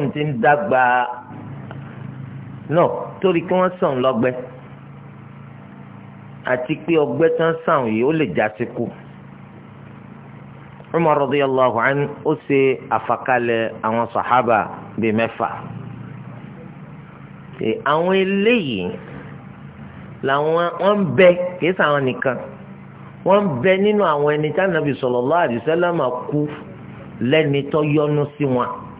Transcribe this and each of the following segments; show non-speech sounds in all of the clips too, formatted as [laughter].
ń ti ń dàgbà náà torí kí wọ́n sàn lọ́gbẹ́ àti pé ọgbẹ́ tán sàn yìí ó lè já sí kú. Umar radiyallahu anhu ó ṣe àfàkalẹ̀ àwọn sàhábà bíi mẹ́fà. àwọn eléyìí làwọn wọ́n bẹ kìí sàwọn nìkan wọ́n bẹ nínú àwọn ẹni tí Ànábì sallallahu alaihi wasallam kú lẹ́ni tó yọ́nú sí wọn. Si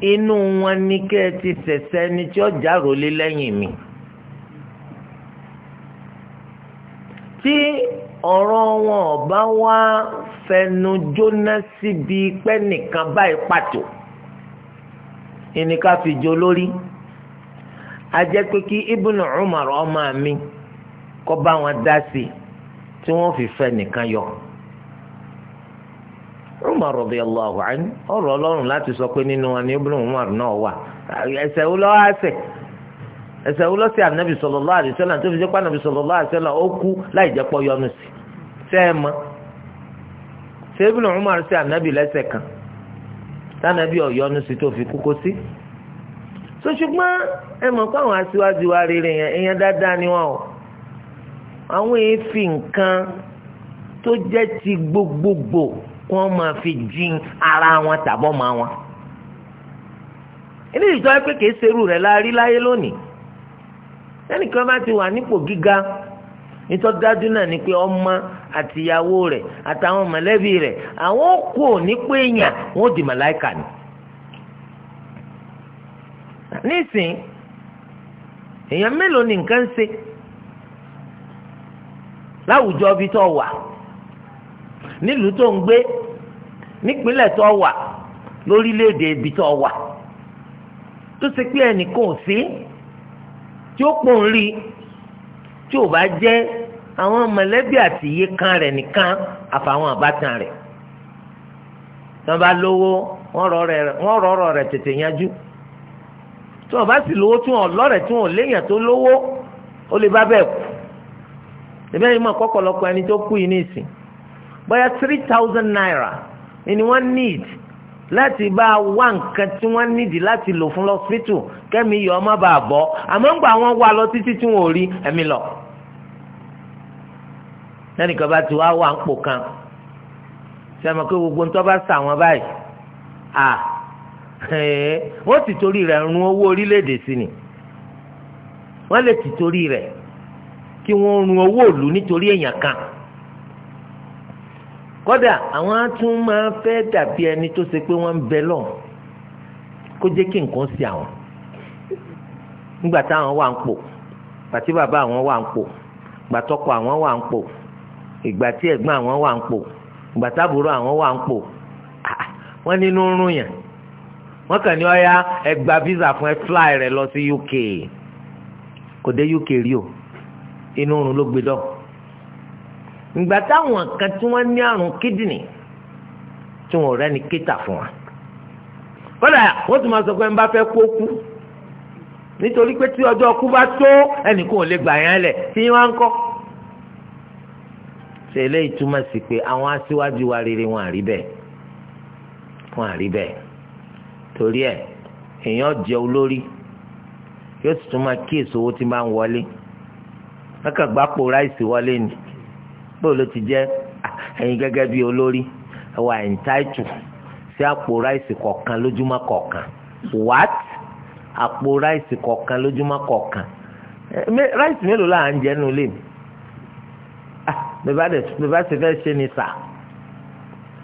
inú wọn ni kẹ́ ẹ ti sẹ̀sẹ̀ ni tí ọjà rọlé lẹ́yìn mi. tí ọ̀rọ̀ wọn ọba wá fẹnu jóná síbi pẹ́ nìkan báyìí pàtó ìníká fi jo lórí a jẹ́ Umar ọmọ mi kọ́ bá wọn dá sí tí wọ́n fi fẹ́ nìkan yọ. Umar radiyallahu anhu ọ̀rọ̀ Ọlọ́run láti sọ pé nínú wa ni Ibn Umar náà wà ẹ̀ṣẹ̀ wo ló wá ṣẹ̀ ẹ̀ṣẹ̀ wo ló ṣẹ̀ tó fi jẹ́ pé Ànábì sallallahu alaihi ó kú láì jẹ́ yọnu sí ṣẹ́ ṣé Ibn Umar ṣẹ̀ Ànábì lẹ́ṣẹ̀ kan tánàbí ọ̀yọ́nu sí tó fi kúkó sí so ṣùgbọ́n ẹ mọ̀ pé àwọn aṣíwájú wa rere ni kí wọ́n máa fi jin ara wọn tàbọ̀ mọ́ wọn. eléyìí tó wá pé kìí serú rẹ̀ la rí láyé lónìí ẹnìkan bá ti wà nípò gíga nítorí dájú náà ni pé ọmọ àtìyàwó rẹ̀ àtàwọn mọ̀lẹ́bí rẹ̀ àwọn kò ní pé èèyàn wọn ò di màláìkà ni. nísìnyí èèyàn mélòó ni nǹkan ń ṣe láwùjọ bí tó wà nílùú tó ń gbé nípínlẹ̀ tó wà lórílẹ̀‐èdè ibi tó wà tó ṣe pé ẹnìkan ò sí tí ó pò ń rí tí ò bá jẹ́ àwọn mọ̀lẹ́bí àti iye kan rẹ̀ nìkan àfàwọn àbátan rẹ̀ tí wọ́n bá lówó wọ́n rọ̀rọ̀ rẹ̀ tètè yanjú tí wọ́n bá sì lówó tí wọ́n lọ́rẹ̀ tí wọ́n léèyàn tó lówó ó lè bá bẹ́ẹ̀ kú ẹ̀bẹ́ yìí mọ̀ kọ́kọ́lọ́kọ́ ẹni tó kú yìí ní ìsìn bóyá three thousand naira ni wọ́n need láti bá wá nǹkan tí wọ́n nídi láti lò fún lọ́sítù kẹ́mi yọ ọmọ bá bọ́ àmọ́ ń gbà wọ́n wá lọ títí tí wọ́n ò rí ẹ̀mí lọ. lẹ́nìkan bá ti wá wà ń pò kan ṣe é mọ̀ pé gbogbo nǹkan bá sà wọ́n báyìí à wọ́n ti torí rẹ̀ run owó orílẹ̀-èdè sí ni wọ́n lè ti torí rẹ̀ kí wọ́n run owó ìlú nítorí èèyàn kan kódà àwọn atún máa fẹ́ dàbí ẹni tó ṣe pé wọ́n ń bẹ lọ kó jẹ́ kí nǹkan sí àwọn nígbà táwọn wà ń pò gbàtí bàbá àwọn wà ń pò gbàtọ́kọ àwọn wà ń pò ìgbà tí ẹ̀gbọ́n àwọn wà ń pò ìgbà táàbùrọ̀ àwọn wà ń pò ah, wọ́n nínú rún yàn wọ́n kàn ní ọ̀ya ẹgbà visa fún ẹ fly rẹ lọ sí UK kò dé UK rí o inú rún ló gbé dọ́ọ̀ ìgbà táwọn kan tí wọ́n ní àrùn kídìní tí wọ́n rẹ́ ni kíta fún wa kódà wọ́n tún máa sọ pé ń bá fẹ́ kó kú nítorí pé tí ọjọ́ kú bá tó ẹnìkan ò lè gbà yẹn lẹ̀ tí wọ́n ń kọ́ ṣe eléyìí túmọ̀ sí pé àwọn aṣíwájú wa rere wọn àrí bẹ́ẹ̀ wọn àrí bẹ́ẹ̀ torí ẹ̀ èèyàn jẹ́ olórí yóò sì tún máa kíyèsí owó tí máa ń wọlé mẹ́kàgbápò ráìsì wọlé ni bóò ló ti jẹ́ ẹ̀yin gẹ́gẹ́ bí olórí ẹ si ẹ̀ǹtáìtù sí àpò ráìsì kọ̀ọ̀kan lójúmọ́ kọ̀ọ̀kan what àpò ráìsì kọ̀ọ̀kan lójúmọ́ kọ̀ọ̀kan ráìsì mélòó là ń jẹ nínú ilé mi ah, bàbá ṣe fẹ́ ṣe ni sà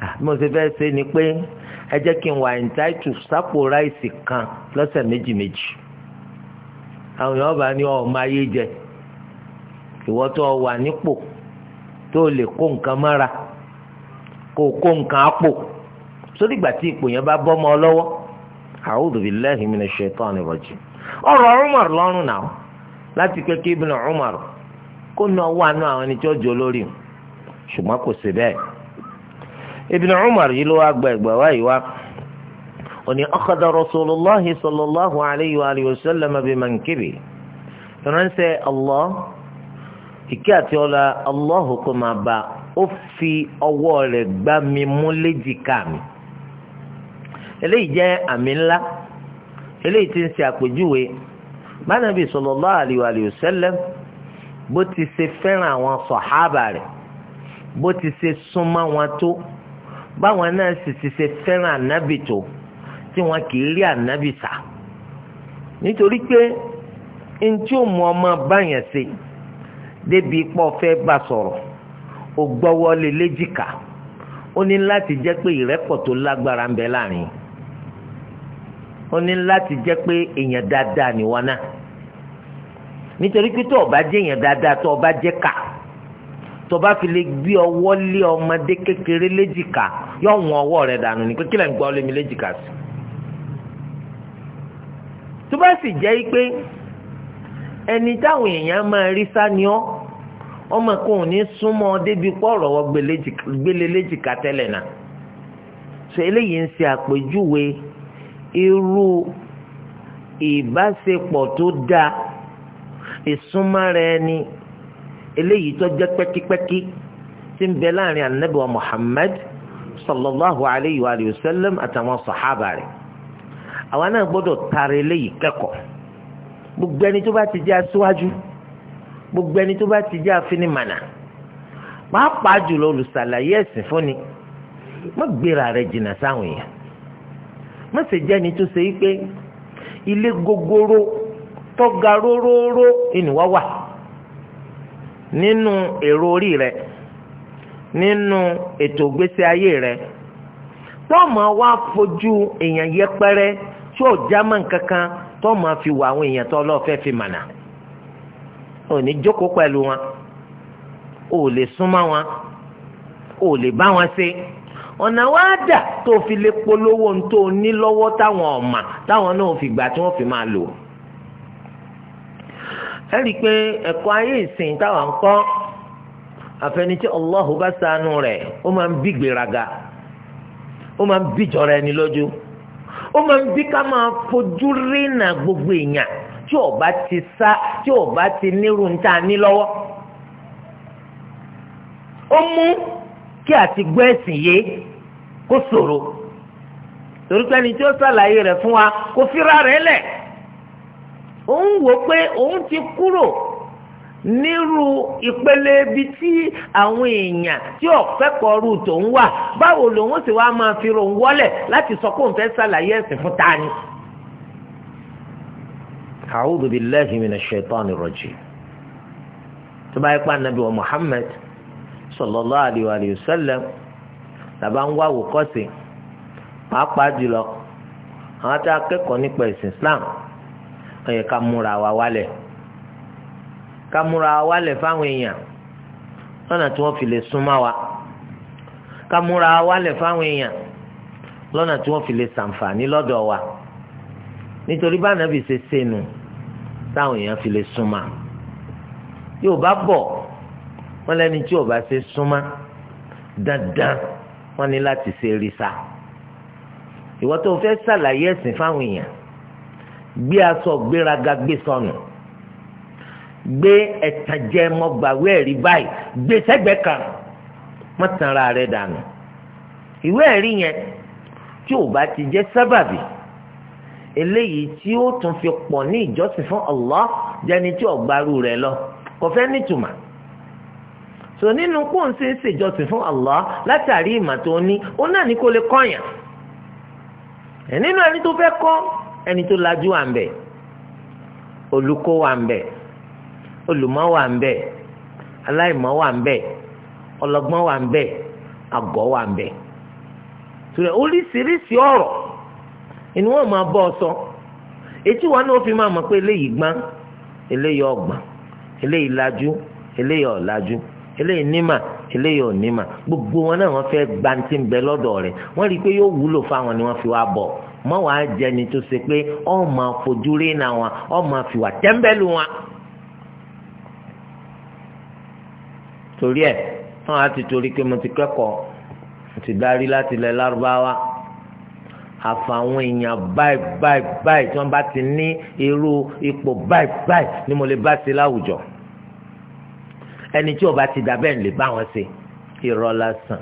ah, mo ṣe fẹ́ ṣe ni pé ẹ jẹ́ kí n wà ẹ̀ǹtáìtù sápò ráìsì kan lọ́sẹ̀ méjì méjì àwọn èèyàn ni ní ọmọ yé jẹ ìwọ́tọ̀ wà nípò tó lè kó nǹkan mọ́ra kó kó nǹkan àpò sórí ìgbà tí ipò yẹn bá bọ́mọ lọ́wọ́ a'udhu billahi minash shaitani rajim ọ̀rọ̀ Umar lọ́rùn náà láti pé kí Ibn Umar kó ná wà náà àwọn ẹni tí ó jọ lórí ṣùgbọ́n kò sí bẹ́ẹ̀ Ibn Umar yìí ló wá gba ẹgbẹ́ wá wá oni akhadha rasulullahi sallallahu alayhi wa sallam ìkẹ́ àti ọlá Allahu kó máa bá ó fi ọwọ́ rẹ̀ gbá mi mú léjìká mi eléyìí jẹ́ àmì ńlá eléyìí ti ń ṣe àpèjúwe bánàbí sallallahu alaihi wa sallam bó ti ṣe fẹ́ràn àwọn sọ̀hábà rẹ̀ bó ti ṣe súnmọ́ wọn tó báwọn náà sì ti ṣe fẹ́ràn ànábì tó tí wọn kì í rí ànábì sá nítorí pé ntí ò mú ọmọ báyẹn ṣe débi pọ̀ fẹ́ bá sọ̀rọ̀ ó gbọ́wọ́ lé léjìká ó ní láti jẹ́ pé ìrẹ́pọ̀ tó lágbára ń bẹ láàrin ó ní láti jẹ́ pé èèyàn dáadáa nìwọ náà nítorí pé tó o bá jẹ́ èèyàn dáadáa tó o bá jẹ́ kà tó o bá fi lè gbé ọwọ́ lé ọmọdé kékeré léjìká yọ wọn ọwọ́ rẹ̀ dànù ní pé kílẹ̀ ń gbọ́ lémi léjìká sí tó bá sì jẹ́ pé ẹni táwọn èèyàn máa rí sá ni ọ́ ọmọ kan ò ní súnmọ́ débi pọ̀rọ̀ wọ gbélé léjìká tẹ́lẹ̀ náà so eléyìí ń ṣe àpèjúwe irú ìbáṣepọ̀ tó dáa ìsúnmọ́ra ẹni eléyìí tó jẹ́ pẹ́kípẹ́kí tí ń bẹ láàrin anabi wa sallallahu alayhi wa sallam àtàwọn sàhábà rẹ̀ àwọn náà gbọ́dọ̀ tara eléyìí kẹ́kọ̀ọ́ gbogbo ẹni tó bá ti gbogbo ẹni tó bá ti jẹ́ mànà pàápàá jùlọ olùsàlàyé ẹ̀sìn fúnni má gbéra rẹ̀ jìnnà sáwọn èèyàn jẹ́ ẹni tó ṣe wípé ilé gogoro tọ́ga róróró ìnìwá wà nínú èrò orí rẹ nínú ètò ìgbésí ayé wa fojú èèyàn yẹpẹrẹ fi wà àwọn èèyàn tó ò ní jókòó pẹ̀lú wọn ò lè súnmọ́ wọn ò lè bá wọn ṣe ọ̀nà wa dà tó fi lè polówó ní tó ní lọ́wọ́ táwọn ọ̀mà táwọn náà fi gbà tí wọ́n fi máa lò ẹ rí i pé ẹ̀kọ́ ayé ìsìn táwọn ń kọ́ àfẹnití Allahu bá ṣàánú rẹ̀ ó máa ń bí gbéraga ó máa ń bíjọra ẹni lójú ó máa ń bí ká máa fojú rínà gbogbo èèyàn tí ò bá ti sá tí ò bá ti nírú níta ní lọ́wọ́ ó mú kí àti gbọ́ ẹ̀sìn yé kó ṣòro torí pé ẹni tí ó ṣàlàyé rẹ̀ fún wa kò fira rẹ̀ lẹ̀ òun wò pé òun ti kúrò nírú ìpele ibi tí àwọn èèyàn tí ọ̀kẹ́kọ̀ọ́ tòun wà báwo lòun sì wá máa fi ròun wọ́lẹ̀ láti sọ pé òun fẹ́ ṣàlàyé ẹ̀sìn fún ta ni a'udhu billahi minash shaitani rajim tó bá yẹ pé anabi wa muhammad sallallahu alayhi wa sallam làbá ń wá wòkọ́sì pàápàá jùlọ àwọn tá a kẹ́kọ̀ọ́ nípa ẹ̀sìn islam ó yẹ ká múra wa wálẹ̀ ká múra wa wálẹ̀ fáwọn èèyàn lọ́nà tí wọ́n fi lè súnmọ́ wa ká múra wa wálẹ̀ fáwọn èèyàn lọ́nà tí wọ́n fi lè ṣàǹfààní lọ́dọ̀ wa nítorí bá nàbì ṣe sẹ́nu táwọn èèyàn fi lè súnmọ́ yóò bá bọ̀ wọ́n lẹ́ni tí ò bá ṣe súnmọ́ dandan wọ́n ní láti ṣe rìsà ìwọ́n tó fẹ́ ṣàlàyé ẹ̀sìn fáwọn èèyàn gbé aṣọ gbéraga gbé sọnù gbé ẹ̀tànjẹ mọ́gbàwé ẹ̀rí báyìí gbé sẹ́gbẹ̀ẹ́ kan mọ́tànra rẹ̀ dànù ìwé ẹ̀rí yẹn tí ò ti jẹ́ sábàbí eléyìí tí ó tún fi pọ̀ ní ìjọsìn fún Allah jẹni tí ọ̀gbárù rẹ̀ lọ kò fẹ́ nítumọ̀ so nínú kó n ṣe ń ṣèjọsìn fún Allah látàrí ìmọ̀ tó ní ó náà ní kó lè kọ́yàn ẹ̀ nínú ẹni tó fẹ́ kọ́ ẹni tó lajú wà ń bẹ olùkọ́ wà ń bẹ olùmọ̀ wà ń bẹ aláìmọ̀ wà ń bẹ ọlọ́gbọ́n wà ń bẹ àgọ́ wà ń bẹ oríṣiríṣi ọ̀rọ̀ ni wọ́n máa bọ́ ọ sọ etí wa náà fi máa mọ̀ pé eléyìí gbọ́n eléyìí ọ̀gbọ́n eléyìí lajú eléyìí ọ̀lajú eléyìí nímà eléyìí onímà gbogbo wọn náà wọ́n fẹ́ gbanti ń bẹ lọ́dọ̀ rẹ̀ wọ́n rí i pé yóò wúlò fáwọn ni wọn fi wá bọ̀ ma wàá jẹni tó ṣe pé ọ máa fojú rí na wọn ọ máa fìwà tẹ́ńbẹ́lú wọn. torí á ti torí pé mo ti kẹ́kọ̀ọ́ mo ti darí láti àfàwọn èèyàn báyìí báyìí báyìí tí wọ́n bá ti ní irú ipò báyìí báyìí ni mo lè bá ṣe láwùjọ ẹni tí ó bá ti dà bẹ́ẹ̀ lè bá wọn ṣe irọ́ lásán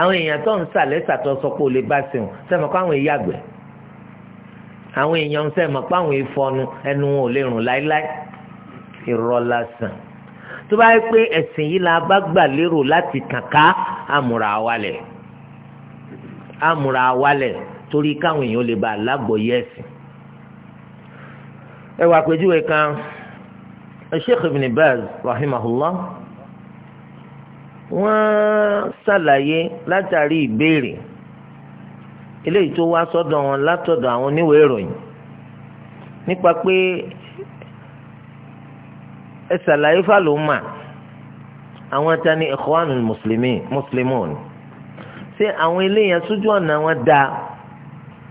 àwọn èèyàn tó ń sàlẹ̀ sàtọ́ sọ pé o lè bá ṣeun sẹ́mi kó àwọn èèyàn àwọn èèyàn sẹ́mi kó àwọn ìfọnu ẹnu wọn ò lè rùn láéláé irọ́ lásán tó bá yẹ pé ẹ̀sìn yìí la bá gbà lérò láti tàn ká àmúra wálẹ̀ torí káwọn èèyàn lè ba àlágbọ̀yé ẹ̀sìn. ẹ wà àpèjúwe kan sheikh ibn baz rahimahullah wọ́n ṣàlàyé látàrí ìbéèrè eléyìí tó wá sọ́dọ̀ wọn látọ̀dọ̀ àwọn oníwèé ìròyìn nípa pé ẹ ṣàlàyé fàlùmà àwọn ta ni ikhwanul muslimin muslimun ṣé àwọn eléyàn sójú ọ̀nà wọn dáa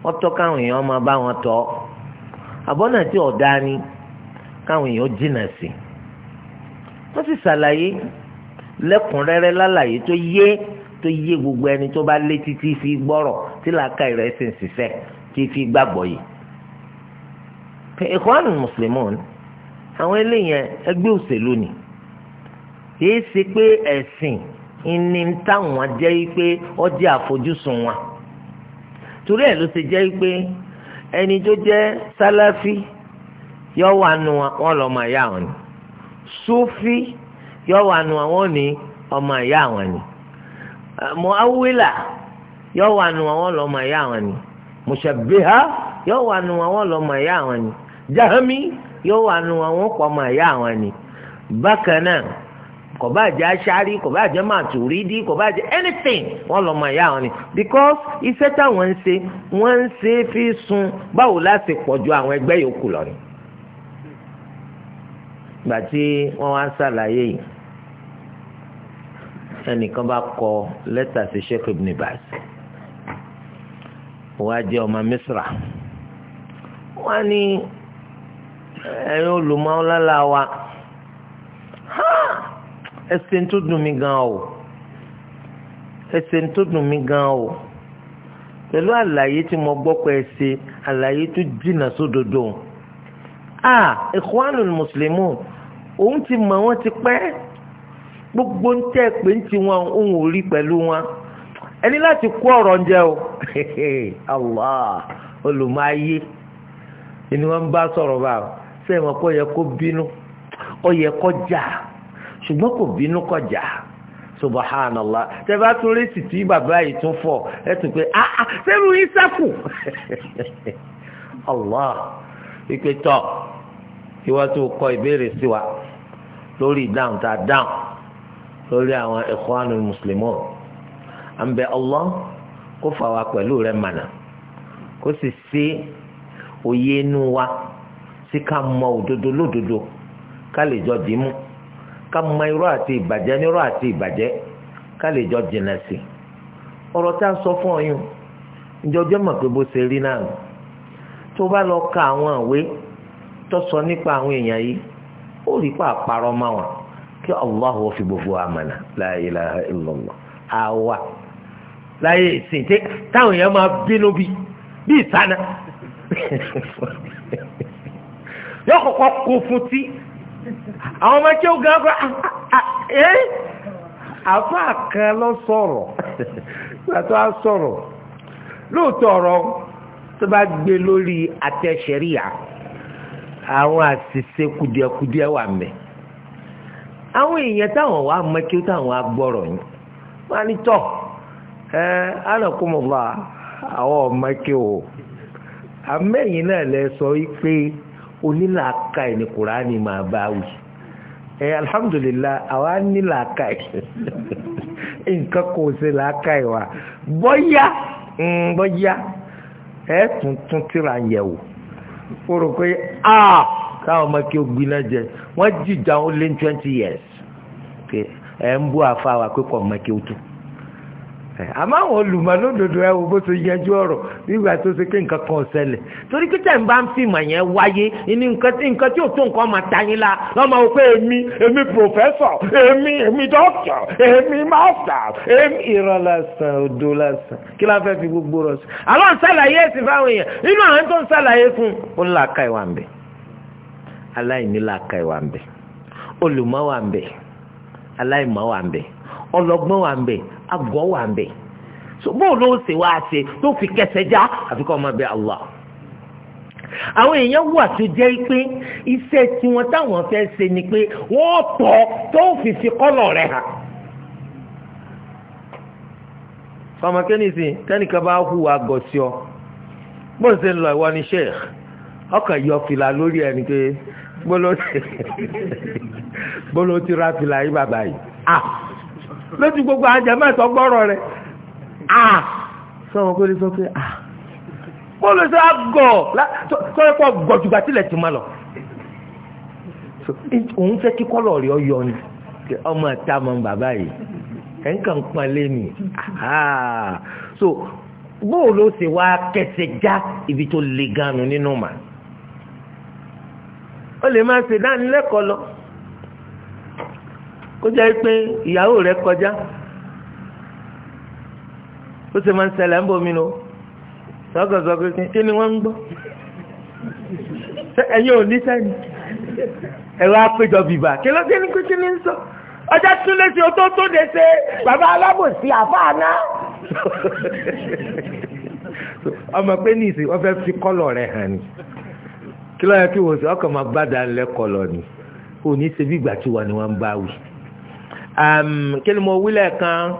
wọ́n tọ́ káwọn èèyàn máa bá wọn tọ́ àbọ̀nà tí ọ̀dá ni káwọn èèyàn jìnnà sí wọ́n sì ṣàlàyé lẹ́kùnrẹ́rẹ́ lálàyé tó yé tó yé gbogbo ẹni tó bá létí tí fi gbọ́rọ̀ tí làákà rẹ̀ sì ń ṣiṣẹ́ tí fi gbàgbọ́ yìí. Ikhwanu Muslimun àwọn eléyẹn ẹgbẹ́ òṣèlú ni kìí ṣe pé ẹ̀sìn ìní táwọn jẹ́ pé ó àfojúsùn wọn torí ẹ̀ ló ṣe jẹ́ pé ẹni tó jẹ́ sálàfí yọ wà nù wọn lọ́mọ ìyá àwọn ni súfí yọ wà nù wọn ní ọmọ ìyá àwọn ni muawila yọ wà nù wọn ìyá àwọn ni mushabbiha yọ wà nù wọn ìyá àwọn ni jahami yọ wà nù ọmọ ìyá àwọn ni bákan náà kò bá jẹ́ aṣáárí kò bá jẹ́ màtúrídì kò bá jẹ́ anything wọ́n lọ mọ ìyá wọn ni because iṣẹ́ táwọn ń ṣe wọ́n ń ṣe fi sun báwo láti pọ̀ ju àwọn ẹgbẹ́ yòókù lọ ni. ìgbà tí wọ́n wá ń ṣàlàyé yìí ẹnìkan bá kọ lẹ́tà sí Sheikh Ibn Baz wọ́n á jẹ́ ọmọ Misra wọ́n á ní ẹ̀yin olùmọ̀ ọ́n lálá wa ẹsẹ̀ ń tó dùn mí gan o ẹsẹ̀ ń tó dùn mí gan o pẹ̀lú àlàyé tí mo gbọ́ pé ẹ àlàyé tó jìnnà sódodo a Ikhwanul Muslimun òun ti mọ̀ wọ́n ti pẹ́ gbogbo ń tẹ́ pé ń ti wọn òun ò rí pẹ̀lú wọn ẹni láti kó ọ̀rọ̀ ń jẹ́ o [laughs] Allah olùmọ̀ayé ni wọ́n ń bá sọ̀rọ̀ báyìí sẹ́yìn wọn kọ́ yẹ kó bínú ọ yẹ kó jà ṣùgbọ́n kò bínú kọjá subhanallah tẹ́bá tún rí títí bàbá yìí tún fọ̀ ẹ tún pé ah ah sẹ́rù yín sẹ́kù [laughs] allah ìpè tọ̀ ìwọ́n tó kọ ìbéèrè sí wa lórí ìdáhùn tá a dáhùn lórí àwọn ikhwanul muslimun à ń bẹ allah kó fà wá pẹ̀lú rẹ̀ mànà kó sì ṣe òye inú wa sí ká mọ òdodo lódodo ká lè jọ dìímú ká mọ irọ́ àti ìbàjẹ́ nírọ́ àti ìbàjẹ́ ká lè jọ jìnnà sí i ọ̀rọ̀ tá a sọ fún ọyún ìjọjọ́ mọ̀ pé bó ṣe rí náà nù tó bá lọ ka àwọn ìwé tó sọ nípa àwọn èèyàn yìí ó rí pa àparọ́ mọ́ wọn kí Allah ó fi gbogbo àmàna la ilaha illallah àwa láyé ìsìn táwọn èèyàn máa bínú bí bí ìsáná [laughs] yóò kọ́kọ́ kó fún tí àwọn ọmọ tí ó gan kọ́ ẹ́ ah, ah, ah, eh? àfa kan lọ sọ̀rọ̀ pàtó a sọ̀rọ̀ lóòótọ́ ọ̀rọ̀ tó bá gbé lórí àtẹ̀sẹ̀ríyà àwọn àṣìṣe kùdìẹ̀kùdìẹ̀ wà mẹ́ àwọn èèyàn táwọn wà mọ́ kí táwọn agbọ́rọ̀ yìí wọ́n á ní tọ̀ ẹ́ alọ́kùnmọ̀lá àwọn ọmọ kí o àmẹ́yìn náà lẹ sọ wípé onílàákàyè ní kùránì máa bá wí ẹ̀ eh, alhamdulillah àwa ní làákàì nǹkan kò sí làákàì wa bọ́yá mm, bọ́yá ẹ̀ tuntun tíra yẹ̀wò ó rò pé a káwọn ọmọ kí o gbiná jẹ wọ́n jìjà ó lé twenty years ẹ̀ ń bú àfa wa ọmọ kí o tún àmọ́ àwọn olùmọ̀ lódodo ẹ wo bó ṣe yanjú ọ̀rọ̀ nígbà tó ṣe pé nǹkan kan ṣẹlẹ̀ torí kí tẹ̀ ń bá ń fìmọ̀ yẹn wáyé ní nǹkan tí nǹkan tí ò tó nǹkan máa ta yín la lọ́mọ o pé èmi èmi pòfẹ́sọ̀ èmi èmi dókítà èmi mástà èmi irọ́ lásán odò lásán kí la fẹ́ fi gbogbo rọ̀ sí. àlọ́ ń ṣàlàyé ẹ̀sìn fáwọn èèyàn nínú àwọn tó ń ṣàlàyé fún un ó la ka ìwà ń bẹ̀ aláìní ọlọ́gbọ́n wà ń bẹ àgọ́ wà so bóun ló ṣe wá ṣe tó fi kẹsẹ̀ já àfi kọ́ ọmọ bẹ Allah àwọn èèyàn wà tó jẹ́ pé iṣẹ́ tiwọn táwọn fẹ́ ṣe ni pé wọ́n tọ́ tó fi fi kọ́lọ̀ rẹ̀ hàn. fọmọ kẹ́nìsì kẹ́nìkan bá hùwà gọ̀ọ́sì ọ bó ń ṣe ń lọ ìwọ ni sheikh ọkàn yọ fìlà lórí ẹni pé bóló [laughs] ti ra fìlà yìí bàbá yìí. Ah! lójú gbogbo àjẹmọ́ ìtọ́gbọ́rọ̀ rẹ̀ ah sọ wọn kó lè sọ pé ah bọ́ọ̀lù sọ àgọ̀ sọ́yẹ́ pọ̀ gọ̀jùgbà tilẹ̀ ti má lọ. òun fẹ́ kí kọ́lọ̀ rẹ̀ ọyọ ni ọmọ ẹ̀ta mọ bàbá yìí ẹ̀ ń kàn pọ́n lé mi. so bọ́ọ̀lù ṣe wá kẹsẹ̀ já ibi tó le ganu nínú mà. ó lè máa ṣe dánilẹ́kọ̀ọ́ lọ kó jẹ́ pé ìyàwó rẹ kọjá ó sì máa ń ṣẹlẹ̀ ń bomi nù sọ́kọ̀sọ́ kí ni wọ́n ń gbọ́ ẹ̀yin ò ní sẹ́ni ẹ̀rọ apẹjọ bìbà kí ló dé ní kí ni ń sọ ọjà tún lé sí o tó tó de ṣe bàbá alábòsí àfáàná [laughs] ọmọ pé ní ìsìn wọ́n fẹ́ fi kọ́lọ̀ rẹ̀ hàn ni kí ló yẹ kí wọ́n sọ ọkọ̀ máa gbádàá lẹ́kọ̀ọ́ lọ ni kò ṣe bí ìgbà tí wà ni wọ́n ń bá wí kí ni mo wílẹ̀ kan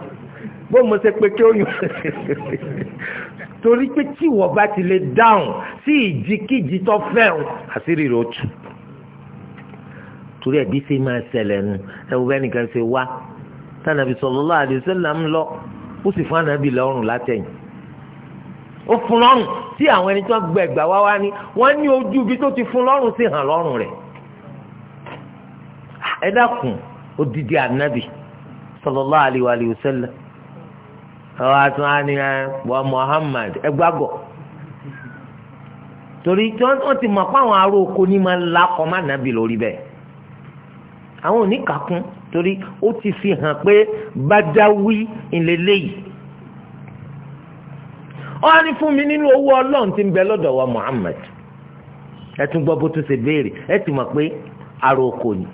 bó mo ṣe pé kí ó yùn [laughs] torí pé tí ìwọ bá ti lè dáhùn sí ìjikíji tó fẹ́ràn àṣírí rẹ̀ ó tù torí ẹbí ṣe máa ṣẹlẹ̀ nu ẹwọ bẹ́ẹ̀ nìkan ṣe wá tànàbí sallallahu alaihi wasallam ń lọ ó sì fún ànàbí lọ́rùn látẹ̀yìn ó fún lọ́rùn tí àwọn ẹni tó gbẹ ẹgbà wá wá ní wọ́n ní ojú ibi tó ti fún lọ́rùn sí hàn lọ́rùn rẹ̀ ẹ dákun odidi anabi sallallahu alayhi wa alayhi wa sallam àwọn àtúnwáni eh, wa Muhammad ẹgbàgọ torí tí wọn ti mọ pé àwọn ará oko ní máa ń lakọ má nàbì lórí bẹ́ẹ̀ àwọn ò ní kàkún ti fi hàn pé bádáwí ìlélẹyìí wọn á ní fún mi nínú owó ń bẹ lọdọ wa Muhammad ẹ tún gbọ́ bó tún ṣe béèrè ẹ oko ni.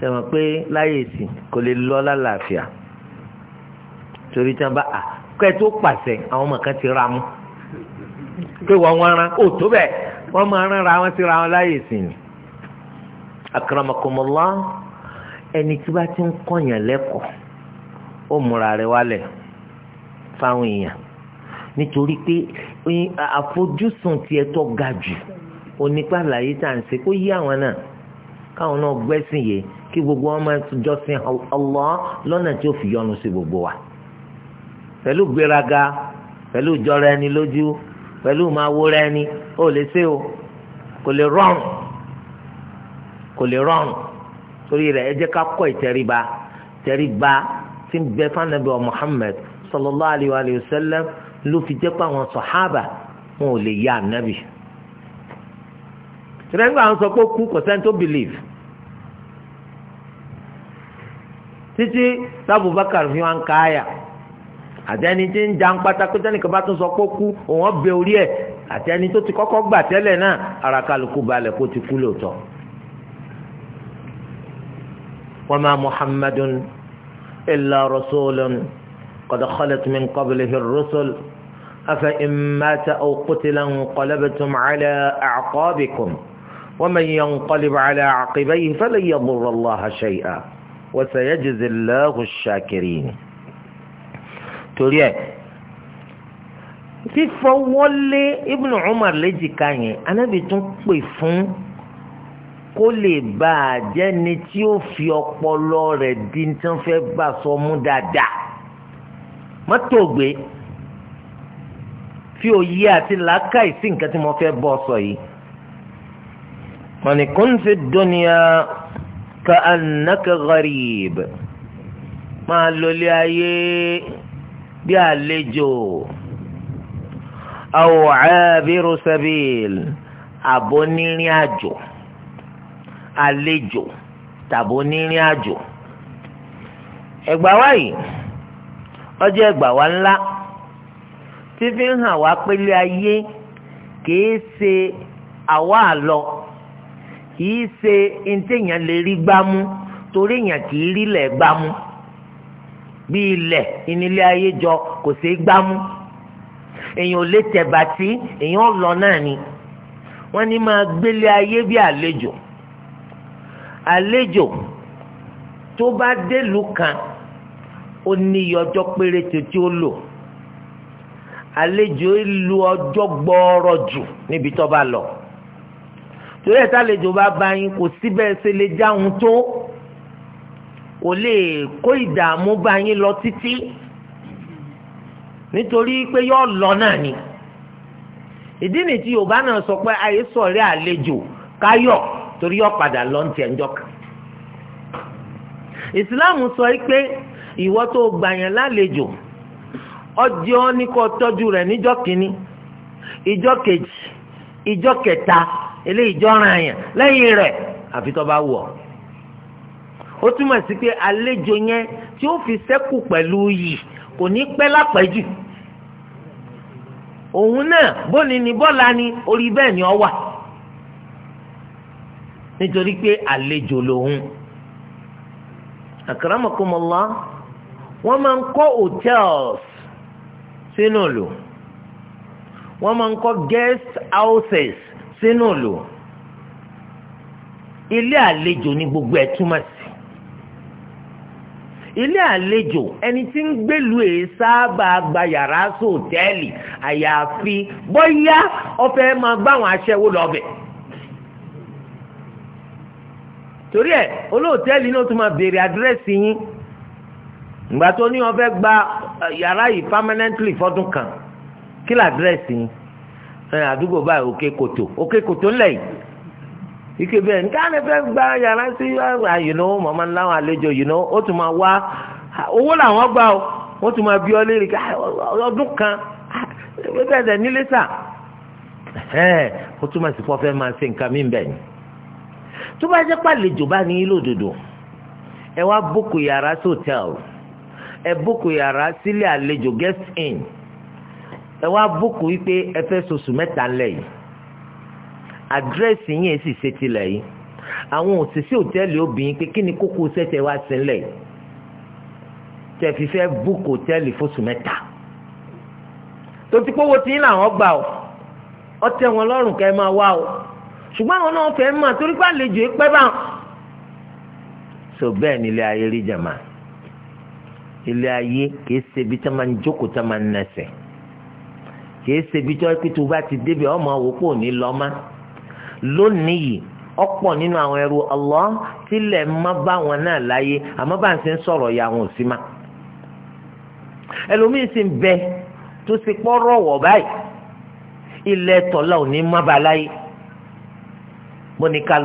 sẹ́wọ̀n pé láyé ìsìn kò lè lọ lálàáfíà torí tí wọ́n bá ah, kẹ́ tó pàṣẹ àwọn ọmọ kan ti ra mú pé wọ́n wọ́n rán ó tó bẹ́ẹ̀ wọ́n máa rán ra wọn síra wọn láyé ìsìn ni. àkàràmọ̀kọ̀mọ̀lá ẹni tí bá ti ń kọ̀yàn lẹ́kọ̀ọ́ ó múra rẹ̀ wálẹ̀ fáwọn èèyàn nítorí pé àfojúsùn tiẹ̀ tó ga jù onípàlàyé tá à ń ṣe kó yí àwọn náà káwọn náà gbẹ́sìn yìí kí gbogbo wọn máa jọ́sìn Allah lọ́nà tí ó fi yọ́nú sí gbogbo wa pẹ̀lú gbéraga pẹ̀lú jọra ẹni lójú pẹ̀lú máa wóra ẹni ó lè ṣe o kò lè rọrùn kò lè rọrùn torí rẹ̀ ẹ jẹ́ ká kọ́ ìtẹríba ìtẹríba tí ń bẹ fánàbí wa Muhammad sallallahu alayhi wa sallam ló fi jẹ́ pé àwọn sàhábà wọn ò lè yá ànábì tìrẹ́ngbà ń sọ pé ó kú kò sẹ́ni tó believe títí sábùbákàr fi wọn ká àyà àtẹni tí ń jan pátákó tẹnìkan bá tún sọ pé ó kú òun ọbẹ orí ẹ àtẹni tó ti kọ́kọ́ gbà tẹ́lẹ̀ náà ara kálukú balẹ̀ kó ti kú lóòótọ́. wa ma muhammadun illa rasulun qad khalat min qablihi ar-rusul afa in mata aw qutila inqalabtum ala a'qabikum. ومن ينقلب على عقبيه فلن يضر الله شيئا وسيجزي الله الشاكرين تريد fífọwọ́lé ibnu umar léjìká yẹn anábì tún pè fún kó lè bá a jẹ́ ni tí ó fi ọpọlọ rẹ̀ di tí wọ́n fẹ́ bá sọ mú dáadáa mọ́tò fi òye àti làákàyè sí nǹkan tí mo fẹ́ bọ́ sọ yìí wọ́n ní kun fi dunya ka annaka gharib máa lọlé ayé bí àlejò aw abiru sabil àbónírin àjò àlejò tàbónírin àjò ẹgbàá wáyìí ọjọ́ ẹgbàá wá ńlá tí fi ń hàn wá pélé ayé kìí ṣe àwa àlọ kì í ṣe ntẹ̀yàn lè rí gbámú torí èèyàn kì í rí lẹ̀ gbámú bí ilẹ̀ ìnílé ayé jọ kò ṣeé gbámú èèyàn ò lè tẹ̀bà tí èèyàn lọ náà ni wọ́n ní máa gbélé ayé bí àlejò àlejò tó bá délùú kan ó ní ọjọ́ péréte tí ó lò àlejò ìlú ọjọ́ gbọ́ọ́rọ̀ jù níbi tó bá lọ. torí ẹ̀ tálejò bá bá yín kò síbẹ̀ ṣe lè jáhun tó kò lè kó ìdààmú bá yín lọ títí nítorí pé yóò lọ náà ni ìdí nìyí tí yorùbá náà sọ pé ayé sọ̀rẹ́ àlejò káyọ̀ torí yóò padà lọ ní tiẹ̀ kan ìsìláàmù sọ pé ìwọ tó gbà yẹn lálejò ọjọ́ ní kó tọ́jú rẹ̀ níjọ́ kìíní ìjọ́ kejì ìjọ́ kẹta eléyìí jọ́ràn àyàn lẹ́yìn rẹ̀ àfi tó bá wù ọ́ ó túmọ̀ sí pé àlejò yẹn tí ó fi sẹ́kù pẹ̀lú yìí kò ní pẹ́ lápẹ́jù òun náà bóni ni bọ́lá ni orí bẹ́ẹ̀ ni ọ wà nítorí pé àlejò lòun àkàràmọ̀kọ́mọ́lá wọ́n máa ń kọ́ hotels sínú lò wọ́n máa ń kọ́ guest houses sínú ìlú ilé àlejò ni gbogbo ẹ túmọ̀ sí ilé àlejò ẹni tí ń gbèlú ẹ̀ sábà gba yàrá sòtẹ́ẹ̀lì àyàfi bóyá ọ̀fẹ́ máa ma aṣẹ́wó lọ́bẹ̀ torí ẹ̀ olóòtẹ́ẹ̀lì náà tún máa àdírẹ́sì yín ìgbà tó ní ọ̀fẹ́ gba yàrá yìí permanently kan kí làdírẹ́sì yín àdúgbò báyìí òkè kòtò òkè kòtò ńlẹ̀ yìí ike bẹ́ẹ̀ nǹkan ni fẹ́ gba yàrá sí àyìnà ah, mọ̀mọ́ láwọn àlejò yìí ó tún máa wá owó làwọn gbà ó wọ́n tún máa bí ọ léèrè ah, ọdún kan ó ah, tẹ̀sẹ̀ nílé sà ó túmọ̀ sí fọ́fẹ́ máa ṣe nǹkan mí bẹ́ẹ̀ ni tó bá jẹ́ pàlejò bá ní lódodo ẹ wá búkù yàrá sí hòtẹ́ẹ̀lì ẹ yàrá sílé àlejò guest inn ẹ wá búkù wípé ẹ fẹ́ sọ̀sù mẹ́ta ńlẹ̀ yìí àdírẹ́sì yẹn sì ṣe tilẹ̀ yìí àwọn òṣìṣẹ́ òtẹ́ẹ̀lì obìnrin pé kí ni kókó sẹ́tẹ̀ wá sílẹ̀ yìí tẹ́ fi fẹ́ búkù òtẹ́ẹ̀lì fóṣù mẹ́ta tó ti kówó tí ń làwọn gbà ó ọtẹ wọn lọ́rùn kẹ́ máa wá o ṣùgbọ́n àwọn náà fẹ́ máa torí pé àlejò pẹ́ bá wọn. so bẹ́ẹ̀ ni ilé ayé rí jàmá ilé ayé kìí ṣe ibi tá máa ń jókòó tá máa ń nẹsẹ̀ kìí ṣebi tó tó bá ti débi ọmọ òwòpò ní lónìí yìí nínú àwọn ẹrú Allah tilẹ̀ má bá wọn náà láyé àmọ́ bá ń sọ̀rọ̀ ya wọn ò sí ma ẹlòmíín sì ń bẹ tó ṣe pọrọ wọ báyìí ilẹ̀ tọlá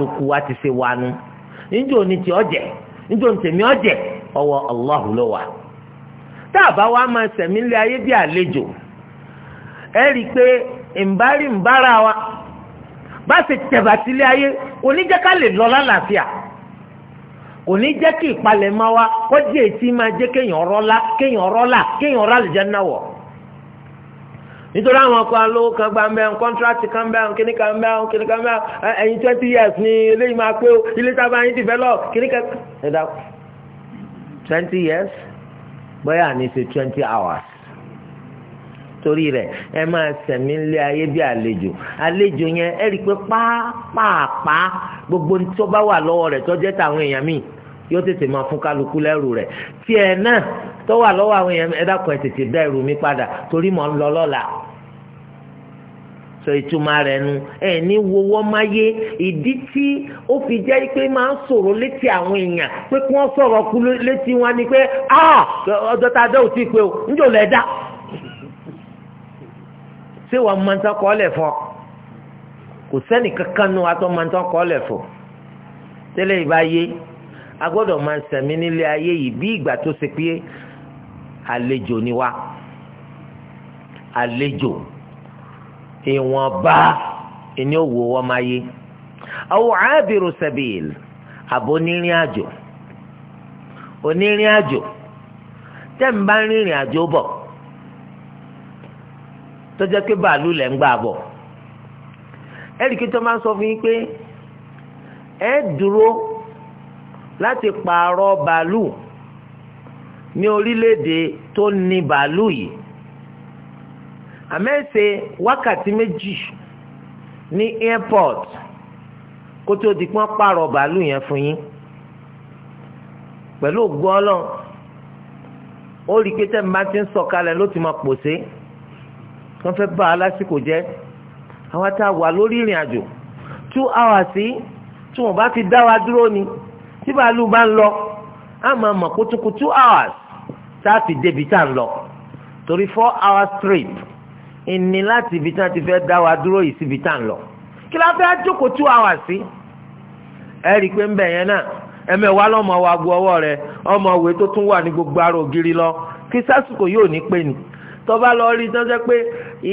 ò wa ti ṣe wánu níjó ni ọjẹ níjó ni tèmi ọjẹ ló wà tá a bá wá ẹ i pé ìbárí ń bára wa bá ṣe tẹ̀bà sílé ayé kò ní jẹ́ ká lè lọ lálàáfíà kò ní jẹ́ kí ìpalẹ̀mọ́ wa kọ́jú èsì máa jẹ́ kéèyàn rọ́lá kéèyàn rọ́lá kéèyàn rà lùjánnà wọ̀ nítorí àwọn ọkọ̀ alówó kan gba mẹ́rin kọ́ńtíráàtì kan mẹ́rin kíní kan mẹ́rin kíní kan mẹ́rin ẹ̀yìn twenty years ni eléyìí máa pé ilé sábà yín develop kíní kan ẹ̀dá twenty years bóyá ní ṣe twenty hours torí rẹ̀ ẹ máa sẹ̀mí lé ayé bí àlejò àlejò yẹn ẹ rí i pé pàápàá gbogbo tó bá wà lọ́wọ́ rẹ̀ tó jẹ́ tàwọn èèyàn míì yóò tètè máa fún kálukú lẹ́rù rẹ̀ tiẹ̀ náà tó wà lọ́wọ́ àwọn èèyàn ẹ dákun ẹ tètè dá ẹrù mi padà torí mò ń lọ lọ́la sọ ìtumọ̀ rẹ̀ nu ẹ̀ ní wọ́wọ́ máa yé ìdí tí ó fi jẹ́ pé máa ń sọ̀rọ̀ létí àwọn èèyàn pé kí wọ́n sọ̀rọ̀ kú létí wọn ni pé ah! ọjọ́ tá a dẹ́ òtí pé o ń jò lẹ́dá ṣé wàá máa ń tán kọ́ lẹ̀ fọ́ kò sẹ́ni kankan nu atọ́ máa ń tán kọ́ lẹ̀ fọ́ tẹ́lẹ̀ ìbá yé a gbọ́dọ̀ máa sẹ̀mí nílé ayé yìí bí ìgbà tó ṣe pé àlejò ni wá àlejò ìwọ̀nba ìní òwò wọn máa yé àwọn àbírò sẹ́bìl àbò onírìn àjò onírìn àjò tẹ́ ń bá rìnrìn àjò bọ̀ tọ́jọ́ pé bàálù lẹ̀ ń gbà bọ̀ ẹ̀ríkì tó máa ń sọ fún yín pé ẹ dúró láti pààrọ̀ bàálù ní orílẹ̀-èdè tó ní bàálù yìí àmẹ́sẹ̀ wákàtí méjì ní airport kó tó di pọ́n pààrọ̀ bàálù yẹn fún yín pẹ̀lú ògbọ́n ọlọ́run ó rí i pé tẹ́ ń bá ti ń sọ̀kalẹ̀ ló ti máa pòṣe wọ́n fẹ́ bá a lásìkò jẹ́ àwọn tá a wà lórí ìrìn àjò two hours sí tí wọ́n bá fi dá wa dúró ni tí bàálù bá ń lọ á máa mọ̀ kótókó two hours tá a fi débi tá a ń lọ torí four hours trip ìní láti ibi tí wọ́n ti fẹ́ dá wa dúró yìí síbi tá a ń lọ kí la fẹ́ jókòó two hours sí ẹ rí i pé ń bẹ̀ yẹn náà ẹ̀mẹ̀wá lọ́mọ wa gbọ́ ọwọ́ rẹ ọmọ òwe tó tún wà ní gbogbo ara ògiri lọ kí sásìkò yóò ní pé ni tọba lọ rí tán jẹ pé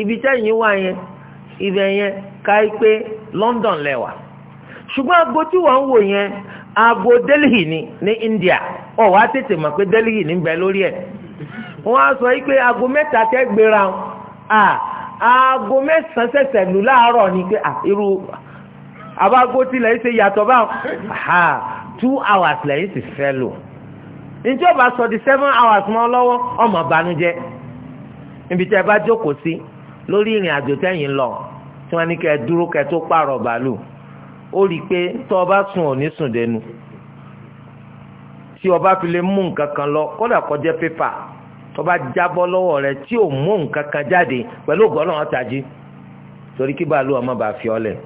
ibi tẹ́yìn wà yẹn ibẹ̀ yẹn káyí pé London lẹ́wà ṣùgbọ́n aago tí wọ́n ń wò yẹn aago Delhi ni ní India ọ̀ wá tètè mọ̀ pé Delhi ní bẹ lórí ẹ̀ wọ́n á sọ yìí pé aago mẹ́ta tẹ́ gbéra aago mẹ́sàn-án lù láàárọ̀ ni pé irú abago tilẹ̀ ṣe yàtọ̀ báwọn two hours lẹ́yìn sì fẹ́ lò níjọba sọ di seven hours mọ́ lọ́wọ́ ọmọ lórí ìrìn àjò tẹ́yìn lọ tí wọ́n ní kẹ́ dúró kẹ́ tó pààrọ̀ bàálù ó rí i pé tó o bá sùn ò ní sùn dẹnu tí o bá fi lè mú nǹkan kan lọ kódà kó jẹ́ pépà tó bá jábọ́ lọ́wọ́ rẹ tí ò mú nǹkan kan jáde pẹ̀lú ògbọ́nà ọ̀tají torí kí bàálù ọmọ bá fi ọlẹ̀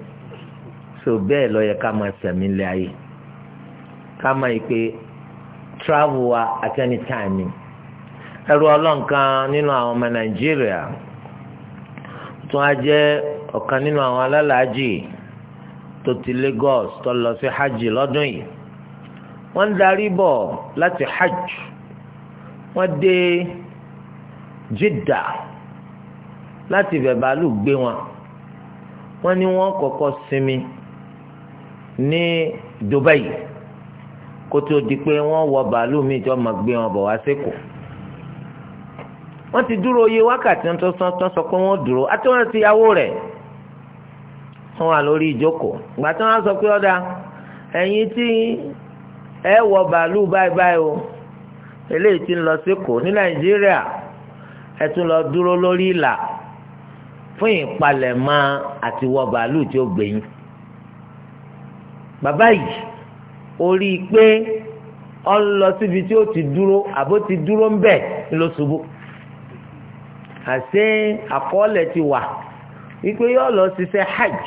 so bẹ́ẹ̀ lọ yẹ ká máa sẹ̀mí lé ayé ká máa yí pé travel wa at any time ni ẹrù ọlọ́nkan nínú àwọn ọmọ nàìjíríà tún á jẹ́ ọ̀kan nínú àwọn alálàájì tó ti Lagos tó lọ sí hajj lọ́dún yìí wọ́n darí bọ̀ láti hajj wọ́n dé Jeddah láti ibẹ̀ bàálù gbé wọn wọ́n ní wọ́n kọ́kọ́ sinmi ní Dubai kó tó di pé wọ́n wọ bàálù míì tó máa gbé wọn bọ̀ wá sí wọ́n ti dúró iye wákàtí tó sọ tó sọ pé wọ́n dúró àti wọ́n ti yàwó rẹ̀ wọ́n wà lórí ìjókòó ìgbà tí wọ́n sọ pé ọ̀dà ẹ̀yin tí ẹ wọ bàálù báyìí o eléyìí ti ń lọ sékòó ní nàìjíríà ẹ tún lọ dúró lórí ìlà fún ìpalẹ̀mọ́ àti wọ bàálù tí ó gbẹ̀yìn bàbá yìí orí pé ọ ń lọ síbi tí ó ti dúró àbó ti dúró ń bẹ̀ ló àṣé àkọọ́lẹ̀ ti wà wípé yóò lọ ṣiṣẹ́ hajj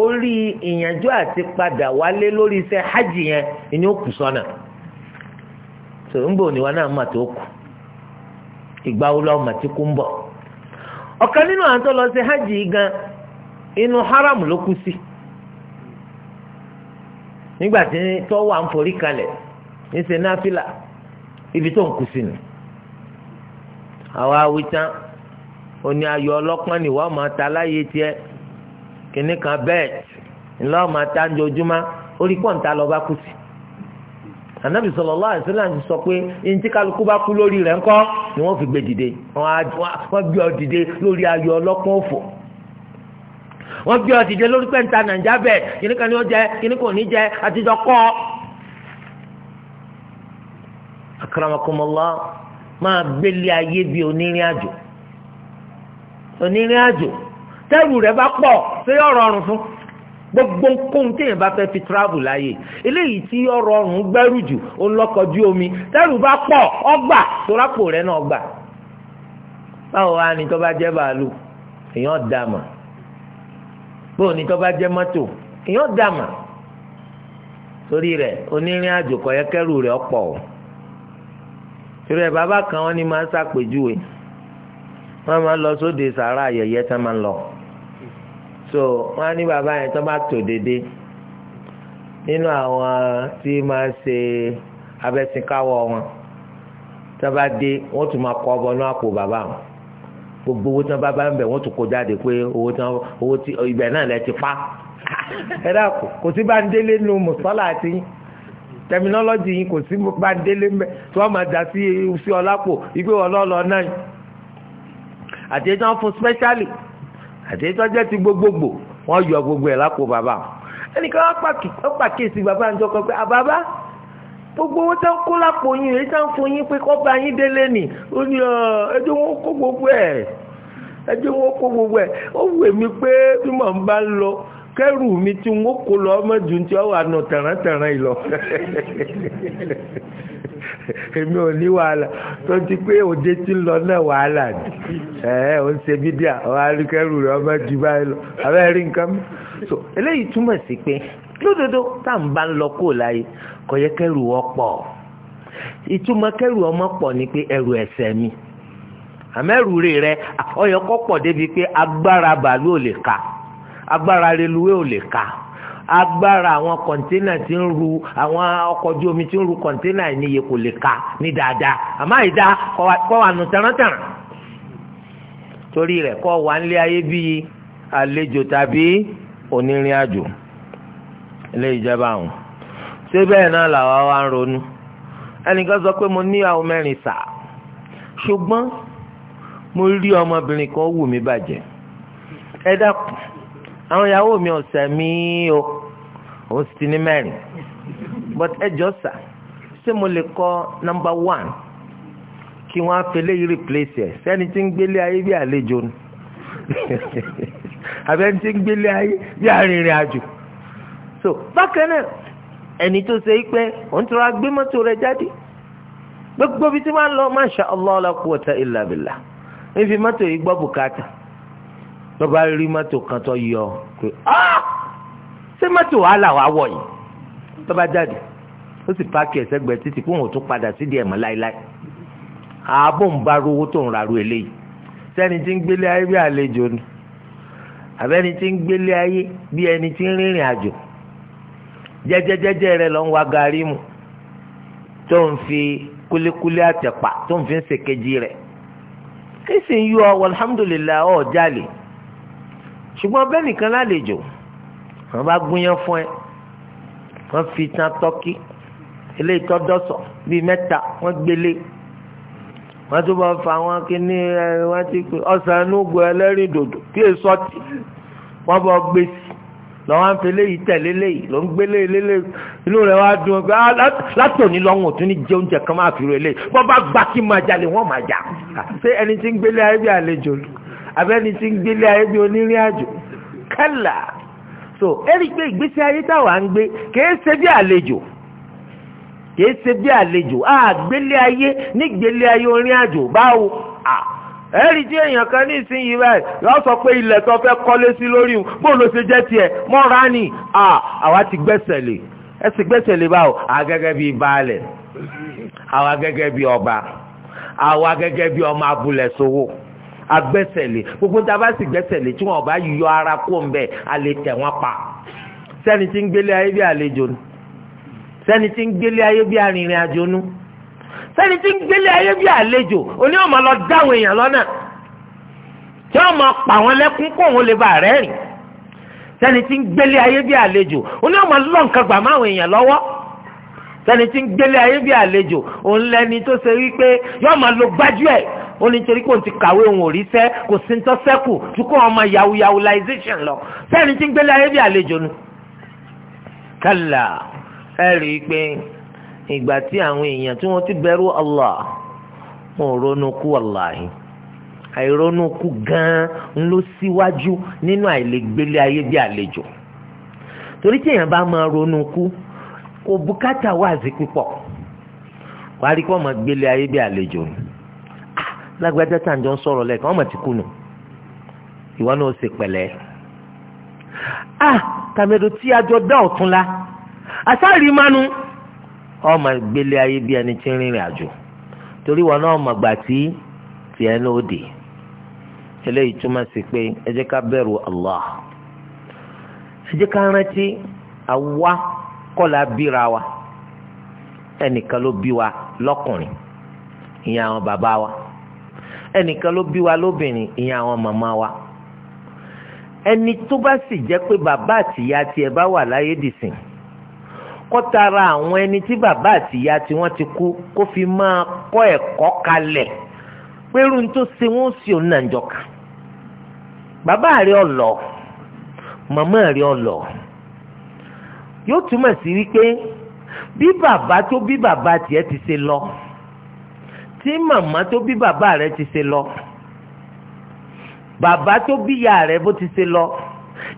orí ìyànjú àti padà wálé lórí iṣẹ́ hajj yẹn ni ó kù sọ́nà tòǹbò níwá náà mà tó kù ìgbà wo lọ́ọ́ mà tí kú ń bọ̀ ọ̀kan nínú àwọn tó lọ ṣe hajj gan inú haram ló kú sí nígbà tí tọ́wọ́ à ń forí kalẹ̀ ní ṣe ibi tó ń kú sí nìyí. àwa wí tán ó ní ayọ̀ ọlọ́pọ́n ni wọ́n máa ta láyé tiẹ̀ kìnnì kan bẹ́ẹ̀ ńlá máa ta ń jojúmọ́ orí pọ́ǹta lọ bá kú sí. ànábì sallallahu alaihi wasallam ti sọ pé ẹni tí kálukú bá kú lórí rẹ̀ ńkọ́ ni wọ́n fi gbé dìde wọ́n gbé ọ dìde lórí ayọ̀ ọlọ́pọ́n òfò wọ́n gbé ọ dìde lórí pẹ́ǹta nàìjà bẹ́ẹ̀ kìnnì kan ni ó jẹ kìnnì kò ní jẹ àtijọ́ kọ́ akramakumullah máa gbélé ayé bíi onírìn àjò onírìn àjò tẹ́rù rẹ̀ bá pọ̀ ṣé yóò rọrùn fún gbogbo nkóhun téèyàn bá fẹ́ fi travel láyè eléyìí tí ọrọ̀ ọrùn gbẹ́rù jù ó ń lọ́kọ̀ọ́jú omi tẹ́rù bá pọ̀ ọgbà torápò rẹ̀ náà gbà báwo wá ni tó bá jẹ́ bàálù èèyàn dà mà báwo ni tó bá jẹ́ mọ́tò èèyàn dà torí rẹ̀ onírìn àjò kò yẹ kẹ́rù rẹ̀ ọ̀pọ̀ o irú ẹ̀ bàbá kan wọ́n ní máa ń ṣàpèjúwe wọ́n máa ń lọ sóde sàárà ayẹyẹ tán máa ń lọ so wọ́n á ní bàbá yẹn tán bá tò dédé nínú àwọn tí máa ṣe abẹ́sìnkáwọ́ wọn tán bá dé wọ́n tún máa kọ́ ọbọnú àpò bàbá wọn gbogbo owó tí wọn bá bá ń bẹ wọn tún kó jáde pé owó tí wọn owó tí ibẹ̀ náà lẹ ti pa [laughs] ẹ dà kò sí bá ń délé nu mùsọ́lá àti yín tẹminọ́lọ́jì yìí kò sí bá délé mẹ́ tí wọ́n máa dà sí sí ọlápò ìgbé ọlọ́ọ̀lọ́ náà àti ètò fún spẹ́ṣálì àti ètò jẹ́ ti gbogbogbò wọ́n yọ gbogbo ẹ̀ lápò bàbá ẹnìkan wọ́n pàkíyèsí bàbá àjọ kan pé àbàbá gbogbo owó tán kó lápò yín èyí tán fún yín pé kọ́ba yín délé nì ó ní ẹjọ́ wọn kó gbogbo ẹ̀ ẹjọ́ wọn kó gbogbo ẹ̀ ó wù mí pé bí mò ń bá lọ kẹrù mi tí wọ́n kó lọ ọmọ jù tí ó wà nù ìlọ èmi ò ní wàhálà tó ti pé òde tí ń lọ náà wàhálà ni ẹ̀ ò ń ṣe bídíà ọ̀hún rẹ̀ ọmọ jù báyìí lọ rí nǹkan so eléyìí túmọ̀ sí pé lódodo tá à ń bá ń lọ kó láyé kò yẹ ìtumọ̀ ọmọ pọ̀ ni pé ẹrù mi àmẹ́rù rẹ̀ ọyọ̀kọ́ pọ̀ débi pé agbára ka agbára reluwé ò lè ka agbára àwọn kọ̀ńténà tí ń ru àwọn ọkọ̀ ojú omi tí ń ru kọ̀ńténà ìníye kò lè ka ní dáadáa àmọ́ àìdá kọ́ wà nù tẹ̀rántẹ̀rán torí rẹ̀ kọ́ wà ń lé ayé bíi àlejò tàbí onírìn àjò ilé ìjọba àwọn ṣé bẹ́ẹ̀ náà làwa wá ń ronú ẹnìkan sọ pé mo níyàwó mẹ́rin sà ṣùgbọ́n mo rí ọmọbìnrin kan wù mí bàjẹ́ ẹ dákun àwọn ìyàwó mi ọ̀sẹ̀ mi o ó sì ní mẹ́rin but ẹ jọ sà ṣé mo lè kọ number one kí wọ́n á fẹlẹ́ yìí replace ẹ̀ sẹ́ni tí ń gbélé ayé bí àlejò ni [laughs] àbẹ́ni tí ń gbélé ayé bí arìnrìn àjò so bákan náà ẹni tó ṣe pé òun tó ra gbé mọ́tò rẹ̀ jáde gbogbo ibi tí wọ́n á lọ masha Allah la quwwata illa billah ń fi mọ́tò yìí gbọ́ bùkátà tó bá rí mọ́tò kan tó yọ pé ah! ṣé mọ́tò wàhálà wàá wọ̀ yìí tó bá jáde ó sì páàkì ẹ̀sẹ̀gbẹ́ títí kó òun tún padà sídìí ẹ̀mọ́ láéláé ààbò ń bá rówó tó ń rarú eléyìí sẹ́ni tí ń gbélé ayé bí àlejò ni àbẹ́ni tí ń gbélé ayé bí ẹni tí ń rìnrìn àjò jẹ́jẹ́jẹ́jẹ́ rẹ lọ ń wa gàrí mu tó ń fi kúlíkúlí àtẹ̀pà tó ń fi ń ṣèkejì rẹ̀ kí sì ń yọ alhamdulillah ọ̀ jálè ṣùgbọ́n bẹ́ẹ̀ nìkan lálejò wọ́n bá gúnyán fún ẹ wọ́n fi tan tọ́kí eléyìí tó dọ́sọ̀ bíi mẹ́ta wọ́n gbélé wọ́n tún bọ́ fa wọn kí ní ẹ wọ́n ti pè ọ̀sán inúgbò ẹlẹ́rìn dòdò kí è sọ́ọ̀tì wọ́n bọ́ gbé sí lọ́wọ́ ń fi léyìí tẹ̀lé léyìí ló ń gbé léyìí léyìí inú rẹ̀ wá dùn pé ah, látòní lọ́wọ́n tún ní jẹ oúnjẹ kan máa fi rẹ̀ léyìí bọ́ bá gbà kí máa jalè wọ́n máa jà ṣé ẹni tí ń gbélé ayé bí àlejò lù abẹ́ni tí ń gbélé ayé bí onírìn àjò kálá so ẹ̀rí pé ìgbésí ayé táwa ń gbé kìí ṣe bí àlejò kìí ṣe bí àlejò àgbélé ayé nígbélé ayé orin àjò báwo à ẹ̀rí tí èèyàn kan ní ìsinyìí báyìí lọ sọ pé ilẹ̀ tó fẹ́ kọ́lé sí lórí o bó ló ṣe jẹ́ tiẹ̀ mọ́ra ni à àwa ti gbẹ́sẹ̀ lé ẹ sì gbẹ́sẹ̀ lé báwo àwa gẹ́gẹ́ bíi baálẹ̀ àwa gẹ́gẹ́ bíi ọba àwa gẹ́gẹ́ bíi ọmọ abúlẹ̀ sówó. So agbẹ́sẹ̀lé gbogbo tá a bá sì gbẹ́sẹ̀lé tí wọn ò bá yọ ara kó ń bẹ̀ a lè tẹ̀ pa sẹ́ni tí ń gbélé ayé bí àlejò nu sẹ́ni tí ń gbélé ayé bí arìnrìn àjò nu sẹ́ni tí ń gbélé ayé bí àlejò oní ọ̀mọ̀ lọ dáwọn èèyàn lọ́nà tí ọmọ pa wọn lẹ́kún kó òun lè bá rẹ́rìn sẹ́ni tí ń gbélé ayé bí àlejò oní ọ̀mọ̀ lọ́ nǹkan gbà máwọn èèyàn lọ́wọ́ sẹ́ni tí ń gbélé ayé bí àlejò òun lẹni tó ṣe wípé yóò máa lo gbájú ẹ̀ ó ní torí kò ti kàwé òun ò rí sẹ́ kò sí ń yahoo laization lọ sẹ́ni tí ń gbélé ayé bí àlejò nu. kálá ẹ rí i pé ìgbà tí àwọn ti bẹ̀rù Allah wọn ò ronú kú gan-an ń lọ síwájú nínú àìlègbélé ayé bí àlejò torí tí èèyàn bá máa ronú kú kò bùkátà pípọ̀ lágbájá tá à ń jọ ń sọ̀rọ̀ lẹ́ẹ̀kan ọmọ ti kú nù ìwọ náà ó ṣe pẹ̀lẹ́. a tàmẹ́dọ̀ tí a jọ dá ọ̀tún la àsáàrí mánu ọmọ gbélé ayé bí ẹni tí ń rìnrìn àjò torí wọn náà mọ̀ gbà tí tiẹ̀ náà ó dé eléyìí túmọ̀ sí pé ẹ jẹ́ ká bẹ̀rù Allah ẹ jẹ́ ká rántí àwa kọ́la bíra wa ẹnìkan ló bí wa lọ́kùnrin ìyẹn àwọn bàbá wa ẹnìkan ló bí wa lóbìnrin ìyẹn àwọn màmá wa ẹni tó bá sì jẹ́ pé bàbá àtìyá tiẹ̀ bá wà láyé dìsìn kó tara àwọn ẹni tí bàbá àtìyá tí wọ́n ti kú kó fi máa kọ́ ẹ̀kọ́ kalẹ̀ pẹ̀lú tó ṣe wọ́n sì ò nà jọ̀ka bàbá rẹ̀ ọ̀lọ́ màmá rẹ̀ ọ̀lọ́ yóò túmọ̀ sí wípé bí bàbá tó bí bàbá tiẹ̀ ti ṣe lọ tí màmá tó bí bàbá rẹ ti ṣe lọ bàbá tó bí ìyá rẹ bó ti se lọ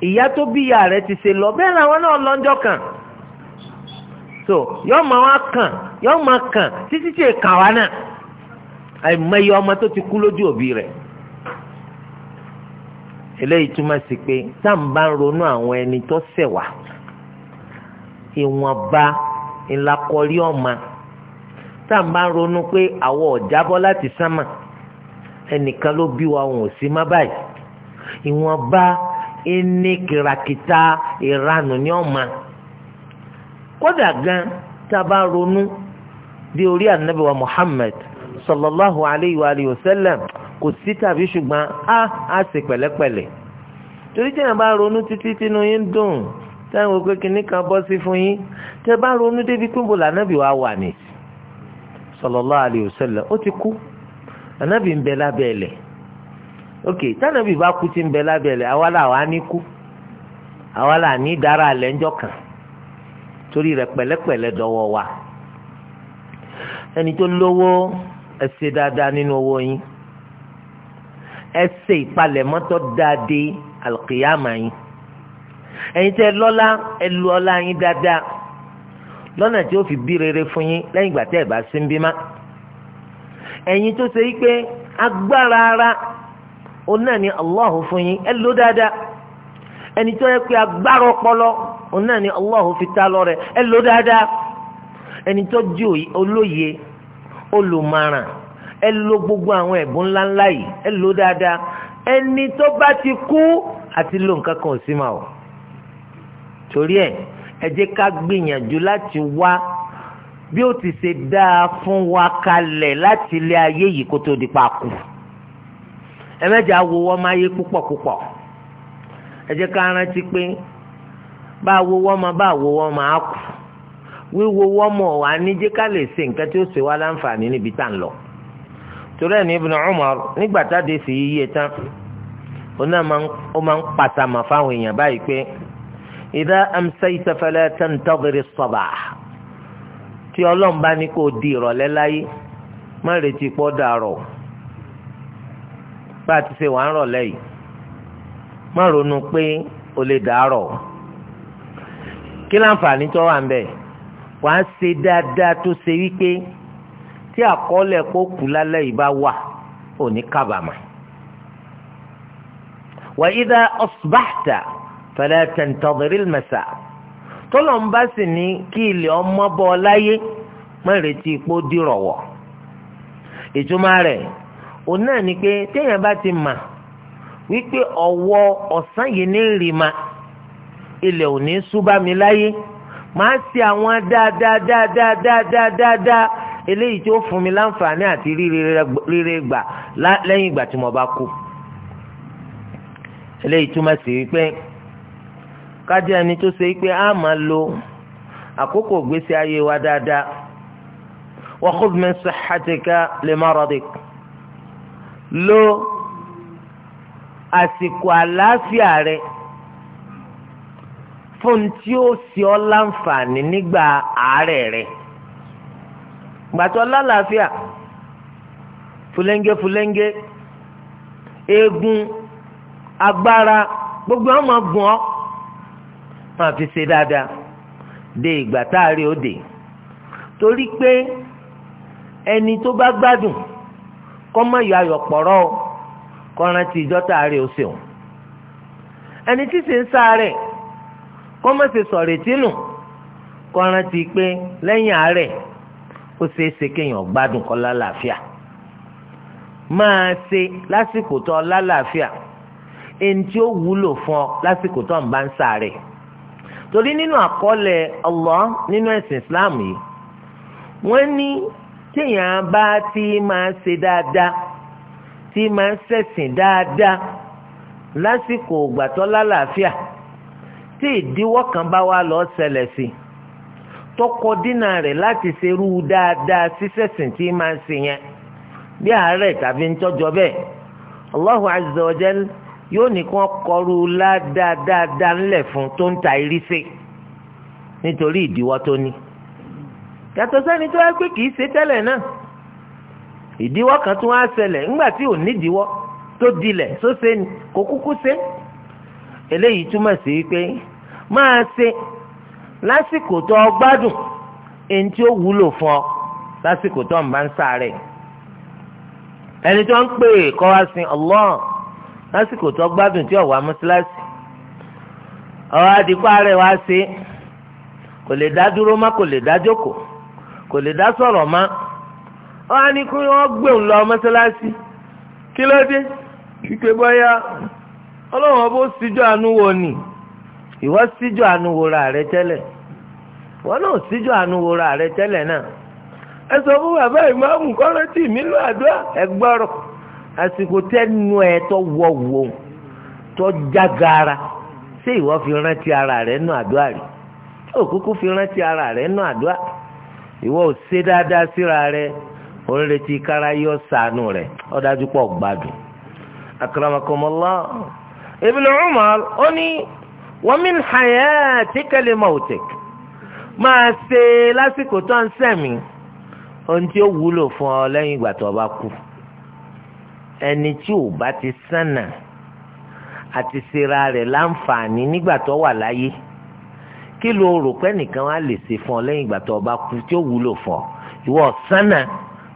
ìyá tó bí ìyá rẹ ti ṣe lọ bẹ́ẹ̀ làwọn náà lọ́jọ́ kan so yọ́ọ́ máa wá kàn yọ́ọ́ máa kàn títí tí èkà wá náà àìmọye ọmọ tó ti kú lójú òbí rẹ̀ eléyìí túmọ̀ sí pé tá n bá ronú àwọn ẹni tó ṣẹ̀ wá ìwọ̀nba ńlá kọrí ọ̀ma tá à ń bá ronú pé àwọ̀ ọ̀jábọ́ láti sánmà ẹnìkan ló bí wa òun ò sí má báyìí ìwọ̀nba ẹni kìràkìtà ìranù ní ọ̀ma kódà gan tá ronú dé orí ànábì wa Muhammad sallallahu alayhi wa alayhi wa kò sí tàbí ṣùgbọ́n a á ṣe pẹ̀lẹ́pẹ̀lẹ́ torí tí a bá ronú títí tínú yín dùn táwọn òkè kìnnìkan bọ́ sí fún yín tẹ́ bá ronú débi pínbó lànàbì wà nìyí sọlọlọ alayhi wa ó ti kú anabi ń bẹ ok tànàbí bá kú ti ń bẹ lábẹ́ ẹlẹ̀ àwa là ní kú àwa ní kan torí wa ẹni tó lówó ẹ dáadáa nínú owó yín ẹ ṣe ìpalẹ̀mọ́tọ́ dáadé lọ́nà tí ó fi bí rere fún yín lẹ́yìn ìgbà tẹ́ ẹ̀ bá sí ń bí má ẹ̀yin tó ṣe wípé agbára ara òun náà ni Allah fún yín ẹ lò dáadáa ẹni tó yẹ pé agbára ọpọlọ òun náà ni Allah fi ta lọ́rẹ ẹ lò dáadáa ẹni tó di olóye olùmọ̀ràn ẹ lò gbogbo àwọn ẹ̀bùn ńláńlá yìí ẹ lò dáadáa ẹni tó bá ti kú àti lò nǹkan kan ò sí ma o torí ẹ̀ ẹ jẹ́ ká gbìyànjú láti wá bí ó ti ṣe dáa fún wa kalẹ̀ láti ilé ayé yìí kó tó di pa kù ẹ mẹ́jọ awo wọ́n máa yé púpọ̀ púpọ̀ ẹ jẹ́ ká rántí pé bá wo wọ́n máa bá wo wọ́n máa kù wíwo wọ́n mọ̀ wá níjẹ́ ká lè ṣe nǹkan tí ó ṣe wá láǹfààní níbi tá à ń lọ torí ẹ̀ ní Ibn Umar nígbà tá a dé sí yíyẹ tán ó náà máa ń pàtàmà fáwọn èèyàn báyìí pé. idha amsayta fala tantadhir as tí di ìrọ̀lẹ́ láyé má retí pọ́ dàrọ̀ bá a ti ṣe o lè dàrọ̀ kí láǹfààní tó wà ń bẹ̀ wà to ṣe dáadáa tó ṣe wípé tí àkọọ́lẹ̀ kó kú lálẹ́ yìí wa fala tantaziril masa tọ́lọ̀ ń bá sì ní kí ilẹ̀ ọmọ bọ́ láyé má retí ipò dìrọ̀wọ̀ ìtumá rẹ̀ òun náà ni pé téèyàn bá ti mà wípé ọwọ́ ọ̀sán yìí ní rì ma ilẹ̀ ò ní súbá mi láyé màá ṣe àwọn dáadáa dáadáa dáadáa dáadáa eléyìí tó fún mi láǹfààní àti rírẹ gbà lẹ́yìn ìgbà tí mo bá kú eléyìí túmọ̀ sí wípé kájẹ́ ẹni tó ṣe pé a máa lo àkókò ìgbésí ayé wa dáadáa wa khudh min sihhatika li maradik lo àsìkò àlàáfíà rẹ fún tí ó ṣe ọ́ láǹfààní nígbà àárẹ̀ rẹ gbàtọ́ lálàáfíà fúlẹ́ńgẹ́ fúlẹ́ńgẹ́ eegun agbára gbogbo ọmọ gùn ọ́ máa fi ṣe dáadáa de ìgbà tá a rí ó dé torí pé ẹni tó bá gbádùn kọ́ mọ̀ yọ ayọ̀ pọ̀rọ́ kọ́ rántí ìjọ́ tá a rí ó ṣeun ẹni tí sì ń sáré kọ́ mọ̀ ṣe sọ̀rètí nù kọ́ rántí pé lẹ́yìn àárẹ̀ ó ṣeé ṣe kéèyàn gbádùn kọ́ lálàáfíà máa ṣe lásìkò tó lálàáfíà ẹni tí ó wúlò fún ọ lásìkò tó ń bá ń sáré torí nínú àkọọ́lẹ̀ Allah nínú ẹ̀sìn Islam yìí wọ́n ní téèyàn bá ti máa ṣe dáadáa tí máa ń ṣẹ̀sìn dáadáa lásìkò ògbàtọ́ lálàáfíà tí ìdíwọ́ kan bá wá lọ ṣẹlẹ̀ sí i tọkọ dínà rẹ̀ láti ṣerú dáadáa síṣẹ̀sìn tí máa ṣe yẹn bí àárẹ̀ tàbí ń tọ́jọ́ bẹ́ẹ̀ Allahu azza wa jalla yóò ní kí wọ́n kọrú ládáadáa ńlẹ̀ fún tó ń ta irísẹ́ nítorí ìdíwọ́ tó ní. yàtọ̀ sẹ́ni tó yẹ pé kì í ṣe tẹ́lẹ̀ náà ìdíwọ́ kan tó wá ṣẹlẹ̀ ńgbà tí ò nídìíwọ́ tó dilẹ̀ sóṣe ni kò kúkú ṣe. eléyìí túmọ̀ sí wípé máa ṣe lásìkò tó o gbádùn èyí tí ó wúlò fún ọ lásìkò tó ń bá ń sáré ẹni tó ń pè é kọ́ wá sin Allah lásìkò tó gbádùn tí ọ̀wà mọ́síláṣí ọ̀rọ̀ àdìpá rẹ̀ wá kò lè dá dúró má kò lè dá jókòó kò lè dá sọ̀rọ̀ má wọ́n á ní gbé òun lọ kí ló dé kíkẹ́ bọ́yá ọlọ́run ọbọ̀ ìwọ síjọ́ rẹ tẹ́lẹ̀ wọn náà síjọ́ rẹ tẹ́lẹ̀ náà ẹ sọ fún bàbá ìmáàmù mi lọ àdúrà àsìkò tẹnu ẹ tó wọ wò tó jágara ṣé ìwọ fi rántí ara rẹ nù àdúrà rí ó kúkú fi rántí ara rẹ nù àdúrà ìwọ ò ṣe dáadáa síra rẹ ò ń retí káráyọ sànù rẹ ó dájú pọ̀ gbádùn. akramakumullah ibn umar ó ní wa min hayatika li mautik máa ṣe lásìkò tó ń sẹ̀mí ohun tí ó wúlò fún ọ lẹ́yìn ìgbà tó o bá kú ẹni tí ò bá ti sànà àti ṣera rẹ̀ láǹfààní nígbà tó wà láyé kí ló rò pé nìkan wá lè ṣe fún ọ lẹ́yìn ìgbà tó o bá kú tí ó wúlò fún ọ ìwọ sànà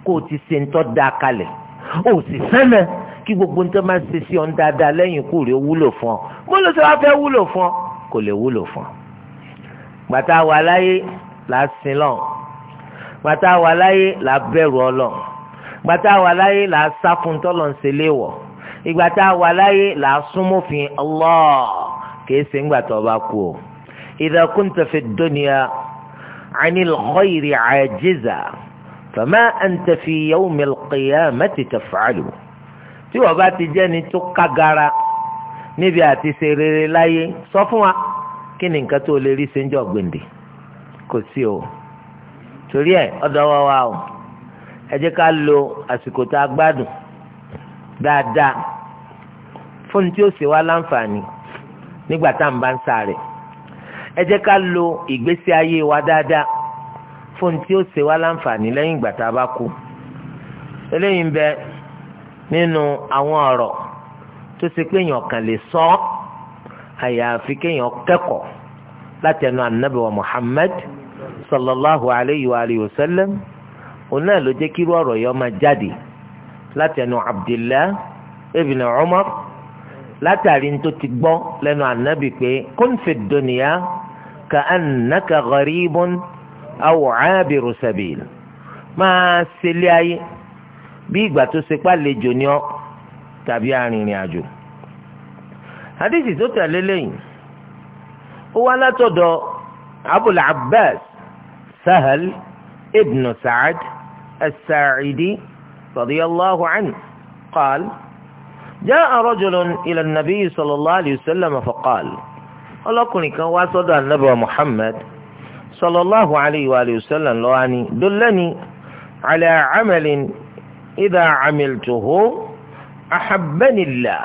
kó o ti ṣe ń tọ́ da kalẹ̀ o sì sànà kí gbogbo ń tọ́ máa ṣe sí ọ ń dáadáa lẹ́yìn ikú rẹ̀ ó wúlò fún ọ bó ló ṣe wá fẹ́ wúlò fún ọ kò lè wúlò fún ọ. gbàtà wà láyé là sin lọ gbàtà wà láyé là á bẹ̀rù Ọlọ́run ìgbà tá a wà láyé là á sá fún tọ́lọ̀ ń ṣe léwọ̀ ìgbà tá a wà láyé là á súnmọ́fin Allah kìí ṣe ńgbà tó bá kú o. idha kunta fi dunya anil khayri fama anta fi yawmil qiyamati taf'alu. tí wọ́n bá ti jẹ́ni tó kágara níbi àti ṣe rere láyé sọ fún wa kí ni nǹkan tó lè rí ṣe ń jọ gbèǹdè kò sí o torí ẹ̀ ọ̀dọ̀ wa wa o ẹ jẹ́ ká lo àsìkò tá a gbádùn dáadáa fóònù tí ó ṣe wá láǹfààní nígbà tá à ń bá ń sáré ẹ jẹ́ ká lo ìgbésí ayé wa dáadáa fóònù tí ó ṣe wá láǹfààní lẹ́yìn ìgbà tá a bá kú eléyìí ń bẹ nínú àwọn ọ̀rọ̀ tó ṣe pé èèyàn kàn lè sọ àyàfi kéèyàn kẹ́kọ̀ọ́ látẹnu ànábì wa Muhammad sallallahu alayhi wa alihi wa sallam òun náà ló jẹ́ kírú ọ̀rọ̀ yẹn máa jáde láti ẹnu Abdullah ibn Umar látàrí ní tó ti gbọ́ lẹ́nu ànábì pé kun fi dunya ka annaka gharibun aw abiru sabil máa ṣẹlẹ̀ ayé bí ìgbà tó ṣe pàlejò ni ọ́ tàbí arìnrìn àjò. hadisi tó tẹ̀lé lẹ́yìn ó wá látọ̀dọ̀ Abul Abbas Sahal. ابن سعد الساعدي رضي الله عنه قال جاء رجل إلى النبي صلى الله عليه وسلم فقال ọlọ́kùnrin kan wá sọ́dọ̀ anábọ̀ muhammad sallallahu alayhi wa sallam lọ́wọ́ ni dullani ala amalin idha amiltuhu ahabbanillah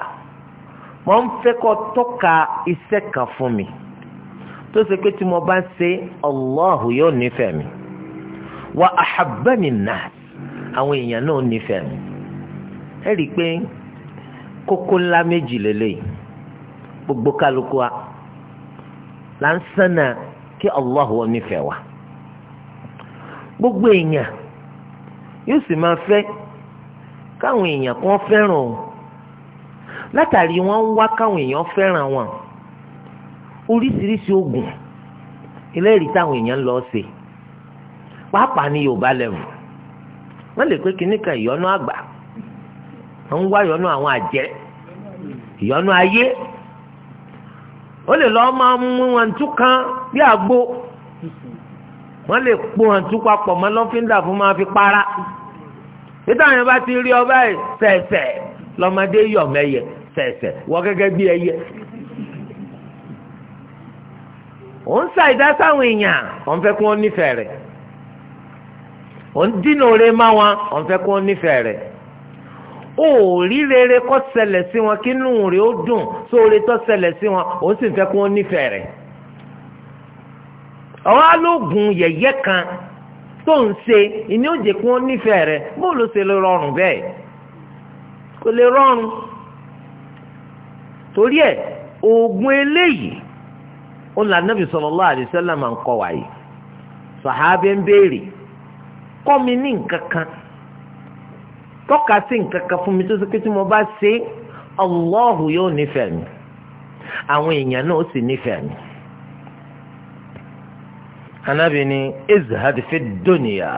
mo ń fẹ́ kó tọ́ka iṣẹ́ kan fún mi tó ṣe pé tí mo bá ṣe allahu yóò nífẹ̀ẹ́ mi. wa ahabbani nas àwọn èèyàn náà nífẹ̀ẹ́ mi ẹ rí i pé kókó ńlá méjì gbogbo kálukú wa là ń sànà kí Allah wọ nífẹ̀ẹ́ wa gbogbo èèyàn yóò sì máa fẹ́ káwọn èèyàn kan fẹ́ràn o látàrí wọn ń wá káwọn èèyàn fẹ́ràn wọn oríṣiríṣi oògùn ilé ìrìtà àwọn èèyàn ń lọ ṣe. pàápàá ní yorùbá lẹ́wù wọ́n lè pé kínní kan ìyọnu àgbà wọ́n ń wá ìyọnu àwọn àjẹ́ ìyọnu ayé ó lè lọ́ọ́ máa mú àǹtú kan bí àgbo wọ́n lè po àǹtú papọ̀ mọ́ lọ́fíńdà fún máa fi para títà yẹn bá ti rí ọba yìí sẹ̀sẹ̀ lọ́mọdé yọ̀ mẹ́yẹ sẹ̀sẹ̀ wọ́n gẹ́gẹ́ bí ẹyẹ òun ṣàìdá sáwọn èèyàn òun fẹ́ kí wọ́n nífẹ̀ẹ́ rẹ̀. òun dínà mawa má wọn òun fẹ́ kó nífẹ̀ẹ́ rẹ̀ ó rí rere kó ṣẹlẹ̀ sí wọn kí inú rẹ̀ ó dùn sóore tó ṣẹlẹ̀ sí wọn òun sì fẹ́ kó nífẹ̀ẹ́ rẹ̀ ọ̀rọ̀ alógun yẹ̀yẹ́ kan tó ń ṣe ìní òjè kó nífẹ̀ẹ́ rẹ̀ bó ló ṣe lè rọrùn bẹ́ẹ̀ kò lè rọrùn torí ẹ̀ oògùn eléyìí ó là nàbì sallallahu alaihi máa ń kọ́ wáyé sàhábẹ́ ń béèrè. kọ́ mi ní nǹkan kan tọ́ka sí nǹkan kan fún mi tó ṣe pé tí mo bá ṣe Allahu yóò nífẹ̀ẹ́ mi àwọn èèyàn náà ó sì nífẹ̀ẹ́ mi. Ànábì ní izhad fi dunya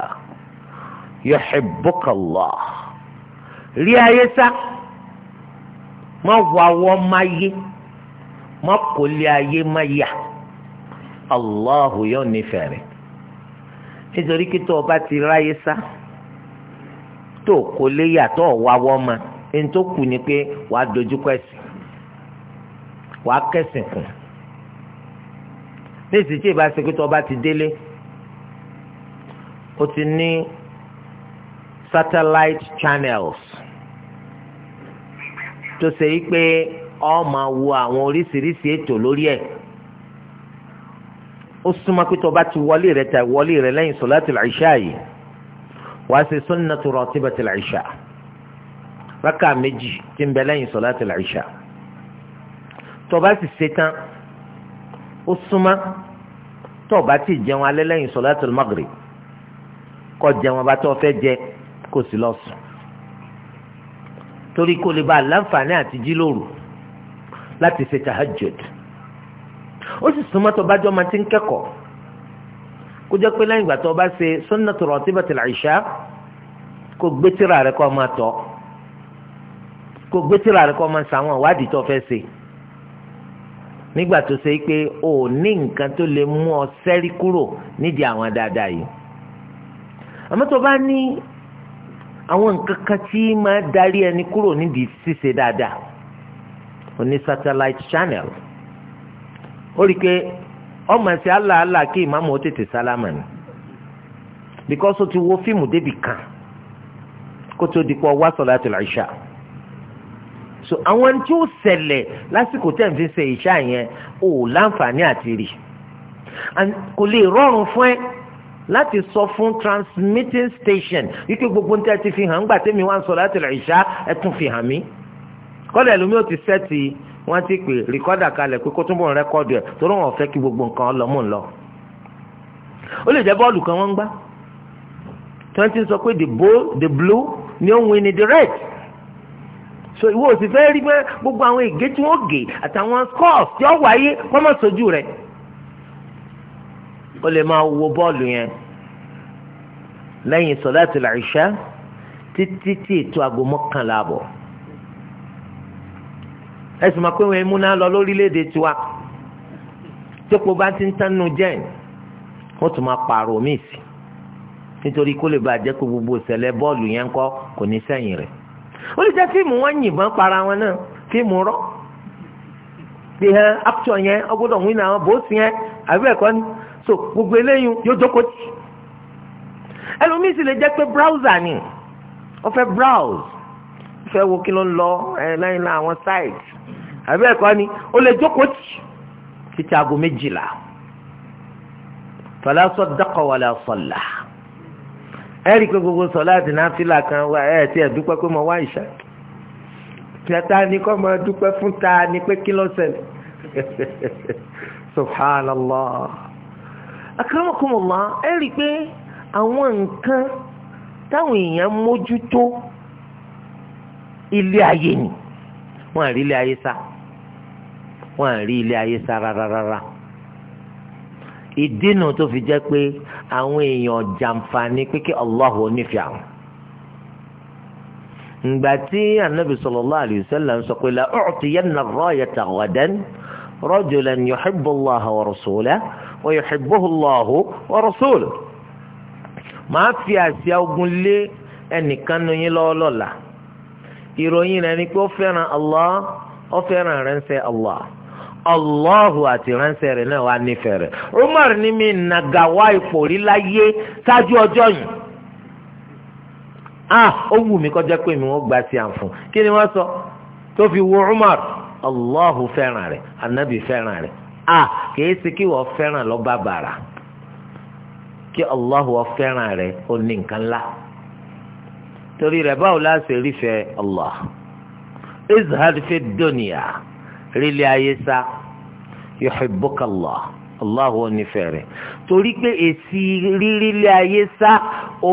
yuhibbuka Allah rí ayé sá má wàwọ́ má yé má kò lé ayé má yá Allahu yóò nífẹ̀ẹ́ rẹ̀ nítorí kí tó o bá ti ráyé sá tó o kò lè yàtọ̀ wáwọ́ ma ẹni tó kù ni pé wàá dojúkọ ẹ̀sìn wàá kẹ̀sìn kù ní tí ìbá ṣe pé tó o bá ti délé o ti ní satellite channels tó ṣe yí pé o máa wo àwọn oríṣiríṣi ètò lórí ẹ̀ ó súnmọ́ pé tó bá ti wọlé rẹ̀ ta wọlé rẹ̀ lẹ́yìn sọ̀láàtì làìṣá yìí wàá ṣe sunnatu ratibati làìṣá rákà méjì tí ń bẹ lẹ́yìn sọ̀láàtì làìṣá tó bá ti ṣe tán ó súnmọ́ tó bá ti jẹun alẹ́ lẹ́yìn sọ̀láàtì maghrib kó jẹun abá tó fẹ́ jẹ kó sì lọ sùn torí kó lè bá a àti jí lóru láti ṣe tahajjud ó sì súnmọ́ tó bá jọ máa ti ń kẹ́kọ̀ọ́ kó jẹ́ pé lẹ́yìn ìgbà tó bá ṣe sunnatu ratibatil isha kó gbé tírà rẹ̀ kó máa tọ́ kó gbé tírà rẹ̀ kó máa ṣàwọn ìwádìí tó fẹ́ ṣe nígbà tó ṣe pé ò ní nǹkan tó lè mú ọ sẹ́rí kúrò nídìí àwọn dáadáa yìí àmọ́ tó bá ní àwọn nǹkan kan tí máa darí ẹni kúrò nídìí ṣíṣe dáadáa ó satellite channel ó rí i pé ọmọ ẹ̀sìn aláàlá kí ìmáàmù ó tètè sálámà ni because ó ti wo fíìmù débì kan kó tó di pọ̀ wá sọ̀látul ìṣà so àwọn tí ó ṣẹlẹ̀ lásìkò tẹ̀ ń fi ṣe ìṣá yẹn ò láǹfààní àti rí kò lè rọrùn fún ẹ láti sọ fún transmitting station wípé gbogbo ní tẹ́tí fi hàn ń gbà tẹ́mi wá ń sọ̀látul ìṣà ẹ̀ tún fi hàn mí kọ́lẹ̀ lómi ó ti sẹ́ẹ̀tì wọ́n ti pè rìkọ́dà kalẹ̀ pé kó túnbọ̀ rẹ́kọ́dù ẹ̀ torí wọn fẹ́ kí gbogbo nǹkan lọ mú un lọ. ó lè jẹ́ bọ́ọ̀lù kan wọ́n ń gbá tí wọ́n ti sọ pé the ball the blue ni ó ń win ni the red so ìwọ ò sì fẹ́ rí pé gbogbo àwọn ègé tí wọ́n gè àtàwọn scores tí ó wáyé kọ́ mọ̀ sójú rẹ̀ ó lè máa wo bọ́ọ̀lù yẹn lẹ́yìn sọ̀láàtì làìṣá títí tí ètò aago mọ́kànlá àbọ̀ ẹ̀sùn máa pé wọn múná lọ lórílẹ̀‐èdè tiwa tẹ́kọ̀ọ́ bá ti ń tánu jẹ́ wọ́n tún máa pààrọ̀ míì sí nítorí kó lè bá jẹ́ kó gbogbo ìṣẹ̀lẹ̀ bọ́ọ̀lù yẹn kọ́ kò ní sẹ́yìn rẹ̀ ó lè jẹ́ fíìmù wọn yìnbọn para wọn náà fíìmù rọ́ pé hàn ápùtọ̀ yẹn ọgbọ́dọ̀ wí náà bóòsì yẹn àbí ẹ̀kọ́ ni so gbogbo eléyìí yóò jókòó tì ẹlòmíì sì lè jẹ́ pé browser ni ó fẹ́ browse fẹ́ wo kí ló ń lọ lẹ́yìn náà àwọn site àbí ẹ̀kọ́ ni ó lè jókòó tì títí aago méjìlá fala saddaqa wala salla ẹ rí i pé gbogbo sọlá àti náfìlà kan ẹ ti ẹ̀ dúpẹ́ pé mo wá ìṣá tẹ́tà ni kọ́ máa dúpẹ́ fún ta ni pé kí ló ṣẹlẹ̀ [laughs] subhanallah akramakumullah ẹ rí i pé àwọn nǹkan táwọn èèyàn mójútó ilé ayé ni wọ́n àrí ilé ayé sá wọ́n àrí ilé ayé sá rárára ìdínà tó fi jẹ́ pé àwọn èèyàn jàǹfààní pé kí Allah ò nífẹ̀ẹ́ àwọn ngbà tí anabi sallallahu alayhi wa sallam sọ pé la u'tiyanna ar-rayata ghadan rajulan yuhibbu Allah wa rasulahu wa yuhibbuhu Allah wa rasuluhu. màá fi àsíá ogun lé ẹnìkan nu yín ìròyìn rẹ̀ ni pé ó fẹ́ràn Allah ó fẹ́ràn ránṣẹ́ Allah Allahu àti ránṣẹ́ rẹ̀ náà wà nífẹ̀ẹ́ rẹ̀ Umar ní mi nàgàwá ipò rí láyé ṣáájú ọjọ́ yìí ah ó wù mí kọjá pé mi wọ́n gba sí àǹfọ̀n kí ni wọ́n sọ tó fi wo Umar Allahu fẹ́ràn rẹ̀ anabi ah kìí ṣe kí wọ́n fẹ́ràn lọ́ba bàrà kí Allahu fẹ́ràn rẹ̀ ó ní torí rẹ̀ báwo la ṣe rí fẹ́ Allah izhad fi dunya rílẹ̀ ayé sá yuhibbuka Allah Allah ò ní fẹ̀rẹ̀ torí pé èsì rírílẹ̀ ayé sá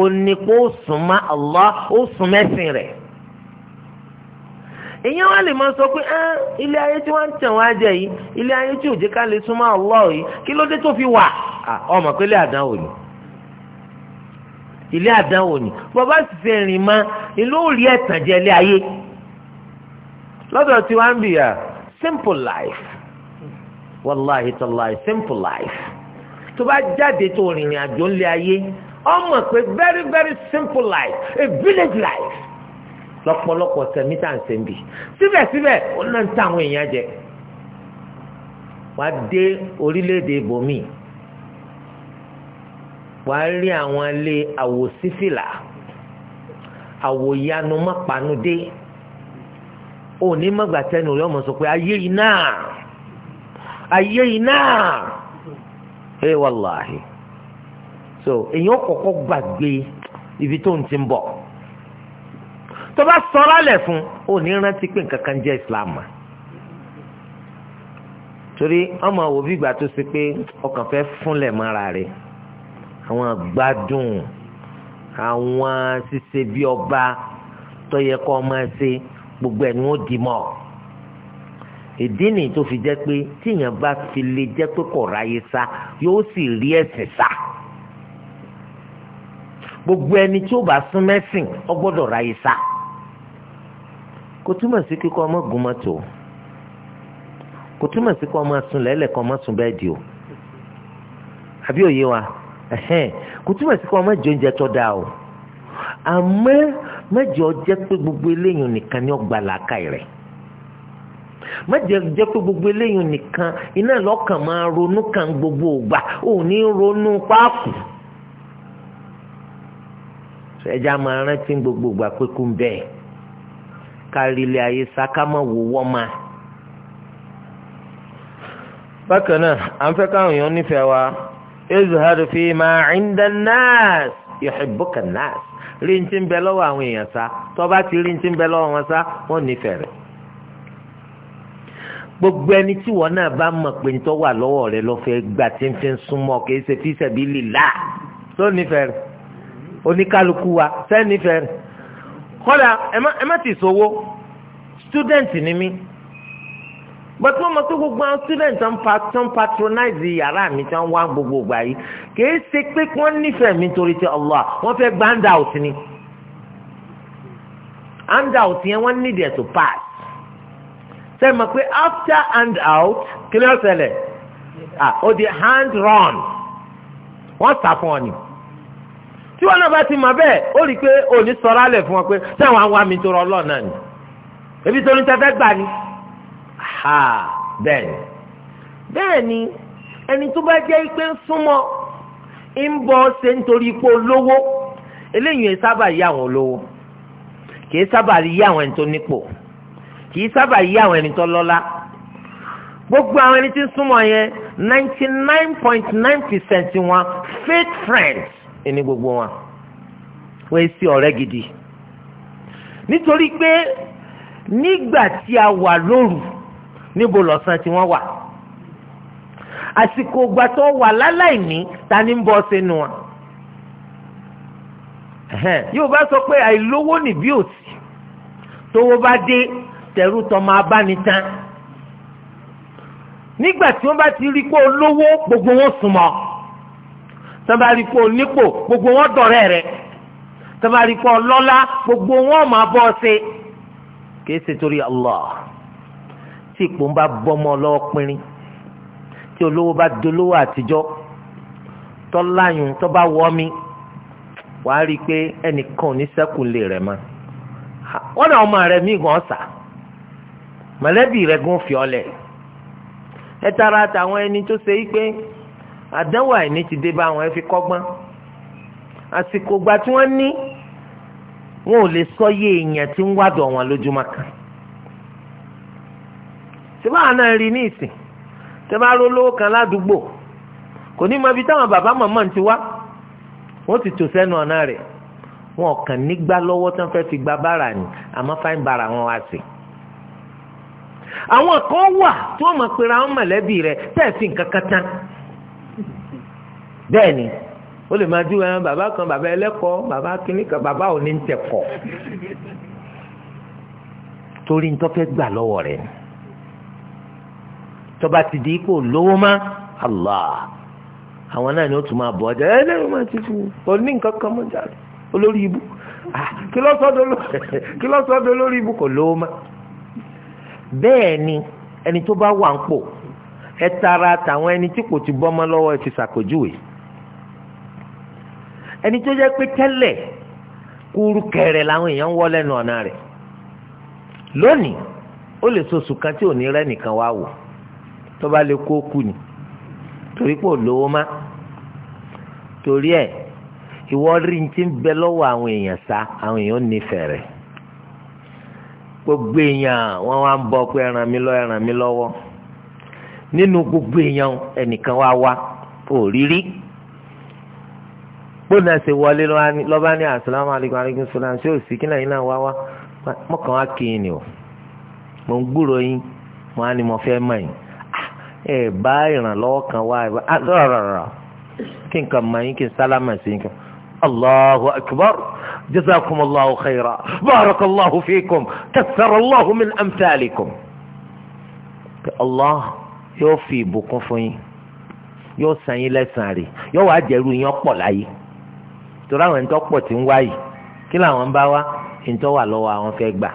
òní kó súnmọ́ Allah ó súnmẹ́sìn rẹ̀ èyàn wá lè máa sọ pé ẹ ah, ilé ayé tí wọ́n ń tẹ̀ wọ́n á jẹ yìí ilé ayé tí ò jẹ́ ká lè súnmọ́ Allah yìí kí ló dé tó fi wà ah, ọmọ pé lè àdánwò ilé àdánwò ni bàbá sì fi rìn mọ́ ìlú ò rí ẹ̀tàn jẹ ilé ayé lọ́dọ̀ tí wọ́n ń bìyà simple life wàláhi tàláhi simple life tó bá jáde tó rìnrìn àjò ńlẹ̀ ayé ọmọ pé very very simple life a village life lọ́pọ̀lọpọ̀ sẹ̀mí tá à ń sẹ́ńbì síbẹ̀síbẹ̀ ó náà ń ta àwọn èèyàn jẹ wàá dé orílẹ̀-èdè ibòmíì wàá rí àwọn ilé àwòsífìlà àwòyanumọ́panudé òní mọ́gbàtẹ́nu rẹ̀ ọmọ sọ pé ayé yìí náà ayé yìí náà ẹ wàláhì so èyàn kọ́kọ́ gbàgbé ibi tó ń ti ń bọ̀ tó bá sọ̀rọ̀ alẹ̀ fún òní rántí pé nǹkan kan jẹ́ Islam ah torí ọmọ òwò bí tó ṣe pé ọkàn fẹ́ fúnlẹ̀ mọ́ra rẹ̀ àwọn àgbádùn àwọn ṣíṣe bí ọba tó yẹ kó máa ṣe gbogbo ẹ̀ ni wọ́n dì mọ́ ìdí nìyí tó fi jẹ́ pé tíyàn bá fi lè jẹ́ pé kò ráyè sá yóò sì rí ẹ̀sìn sá gbogbo ẹni tí ó bá sún mẹ́sìn ó gbọ́dọ̀ ráyè sá kò túmọ̀ sí kíkọ́ ọmọ gun kò túmọ̀ sí kọ́ ọmọ sùn lẹ́lẹ̀ ọmọ sùn o àbí òye wa kò túmọ̀ sí kí wọ́n má jẹ oúnjẹ tó dáa o àmọ́ mẹ́jọ jẹ́ pé gbogbo eléyìí nìkan ni ó gba làákàyè rẹ̀ mẹ́jọ jẹ́ pé gbogbo eléyìí nìkan iná lọ́kàn máa ronú kan gbogbo ògbà ò ní ronú páàkù ẹja máa rántí gbogbo ògbà pé kú ń bẹ́ẹ̀ kárí ilé ayé sákámọ̀ wò wọ́n máa bákan náà à ń fẹ́ káwọn èèyàn nífẹ̀ẹ́ wa izhar fi ma inda nas yuhibbuka nas rí ní ti ń bẹ lọ́wọ́ àwọn èèyàn sá tó bá ti rí ní ti ń bẹ lọ́wọ́ wọn sá wọ́n nífẹ̀ẹ́ rẹ̀ gbogbo ẹni tí wọn náà bá mọ̀ pé ń tọ́ wà lọ́wọ́ rẹ̀ lọ́fẹ̀ẹ́ gbà tí ń fi ṣe fi ṣẹ̀bi lìlá tó nífẹ̀ẹ́ rẹ̀ oníkálukú wa sẹ́ẹ̀ nífẹ̀ẹ́ rẹ̀ kọ́dà ẹ ti sọ student ni mí bàtí wọ́n mọ̀ pé gbogbo àwọn student tó ń patronize yàrá mi tó ń wá gbogbo ìgbà yìí kìí ṣe pé wọ́n nífẹ̀ẹ́ mi torí ti Allah wọ́n fẹ́ gba handout ni handout yẹn wọ́n need it to pass ṣe mọ̀ pé after out. kí ni ó ṣẹlẹ̀ ah ó di hand run wọ́n sà fún ọ ni tí wọn náà bá ti mọ̀ bẹ́ẹ̀ ó rí i pé òní sọ̀rọ̀ alẹ̀ fún wọn pé sẹ́wọ̀n á wá mi tó rọ náà ni ebi tó ní gbà ni ha bẹ́ẹ̀ni bẹ́ẹ̀ni ẹni tó bá jẹ́ pé ń súnmọ́ ń bọ́ ṣe nítorí pé olówó eléyìí sábà yí àwọn olówó kì í sábà yí àwọn ẹni tó nípò kì í sábà yí àwọn ẹni tó lọ́lá gbogbo àwọn ẹni tí ń súnmọ́ yẹn ninety nine point nine percent wọn fake friends ẹni gbogbo wọn wọ́n ṣe ọ̀rẹ́ gidi nítorí pé nígbà tí a wà lóru níbo lọ́sàn tí wọ́n wà àsìkò ìgbà tó wà láláìní ta ni ń bọ́ sínú wa yóò bá sọ pé àìlówó nìbí òsì tówó bá dé tẹ̀rù tọmọ abánitan nígbà tí wọ́n bá ti rí pé olówó gbogbo wọn súnmọ́ tí wọ́n bá rí pé onípò gbogbo wọn dọ̀rẹ́ rẹ̀ tí rí pé ọlọ́lá gbogbo wọn máa bọ́ ọ ṣe kìí ṣe torí Allah tí ipò ń bá bọ́mọ lọ́wọ́ pinrin tí olówó bá dolówó àtijọ́ tọ́láyùn tó bá wọ́ mi wàá rí i pé ẹnìkan ò ní sẹ́kù lè rẹ̀ mọ́ wọ́n náà ọmọ rẹ̀ mí gan ọ̀sà mọ̀lẹ́bí rẹ̀ gún fi ọlẹ̀ ẹ tara tàwọn ẹni tó ṣe pé àdánwò àìní ti dé bá ẹ fi kọ́gbọ́n àsìkò ìgbà tí wọ́n ní wọn ò lè sọ yé èèyàn tí ń wádọ̀ wọn lójúmọ́ kan síbáà náà rí ní ìsìn tẹ́ bá rólówó kan ládùúgbò kò ní mọ ibi táwọn bàbá màmá ti wá wọ́n ti tò sẹ́nu ọ̀nà rẹ̀ wọn kàn nígbà lọ́wọ́ tán fẹ́ fi gba bára ni àmọ́ fáìn bára wọn wá sí. àwọn kan wà tí wọ́n mọ̀ pera wọn mọ̀lẹ́bí rẹ̀ tẹ́ẹ̀sì nǹkan kan tán bẹ́ẹ̀ ni ó lè máa dúró ẹran bàbá kan bàbá ẹlẹ́kọ̀ọ́ bàbá kínní kan bàbá ò ní tẹ̀kọ̀ torí ní tó gbà lọ́wọ́ rẹ̀ ni. tọba ti di ipò lówó má allah àwọn náà ni ó tún máa bọ̀ ọjà ẹ lẹ́yìn máa ti fún un ní nǹkan kan mọ́ jáde olórí ibú ah, kí lọ́sọ́dọ̀ [laughs] olórí ibú kò lówó má bẹ́ẹ̀ ni ẹni tó bá wà ń pò ẹ tara tàwọn ẹni tí kò ti bọ́mọ lọ́wọ́ ẹ ti ṣàpèjúwe ẹni tó jẹ́ pé tẹ́lẹ̀ kúrú kẹrẹ làwọn èèyàn ń wọ́ lẹ́nu ọ̀nà rẹ̀ lónìí ó lè sọ̀sù kan tí ò ní rẹ́ nìkan wá wò. tó bá kó kù ni torí pò lówó má torí ẹ̀ ìwọ rí ti ń bẹ àwọn èèyàn sá àwọn èèyàn gbogbo èèyàn wọn wá ń bọ pé ẹran mi lọ ẹran mi gbogbo èèyàn ẹnìkan wá wá òrírí gbóná ṣe wọlé lọ́ba ní asalaamu alaykum alaykum salaam ṣé òsì kí lẹ́yìn náà wá wá o ń yín á ní fẹ́ ẹ bá ìrànlọ́wọ́ kan wá ẹ bá ah, rárá kí nǹkan mọ yín kí n sálámà sí yín kan. الله أكبر جزاكم الله خيرا بارك الله فيكم كثر الله من أمثالكم الله yóò fi ìbùkún fún yín yóò san yín lẹ́sàn-án rẹ̀ yóò wá jẹ́rú yín ọ̀pọ̀ láyé torí àwọn ẹni tó pọ̀ tí ń wáyé kí làwọn ń bá wá ẹni tó wà lọ́wọ́ àwọn fẹ́ gbà.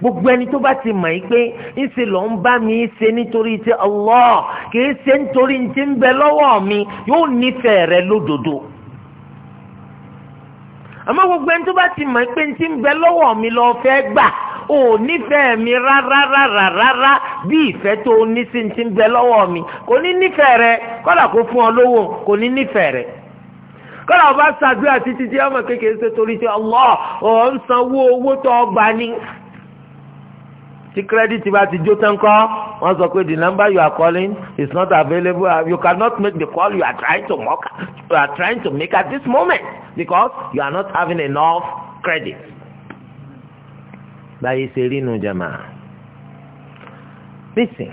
gbogbo ẹni tó bá ti mọ̀ yìí pé ń bá mi ṣe nítorí ti Allah ṣe nítorí ti ń bẹ lọ́wọ́ mi yóò nífẹ̀ẹ́ rẹ lódodo àmọ́ gbogbo ẹni tó bá ti mọ̀ pé ti ń bẹ lọ́wọ́ mi lọ fẹ́ gbà ò nífẹ̀ẹ́ mi ní sí ti ń bẹ lọ́wọ́ mi kò ní nífẹ̀ẹ́ rẹ kó sanwó owó tó ọgbà tí kírẹ́dìtì bá ti jó tán kọ́ wọ́n sọ pé the number you are calling is not available uh, you cannot make the call you are trying to make you are trying to make at this moment because you are not having enough credit. báyìí ṣe rí inú jama nísìn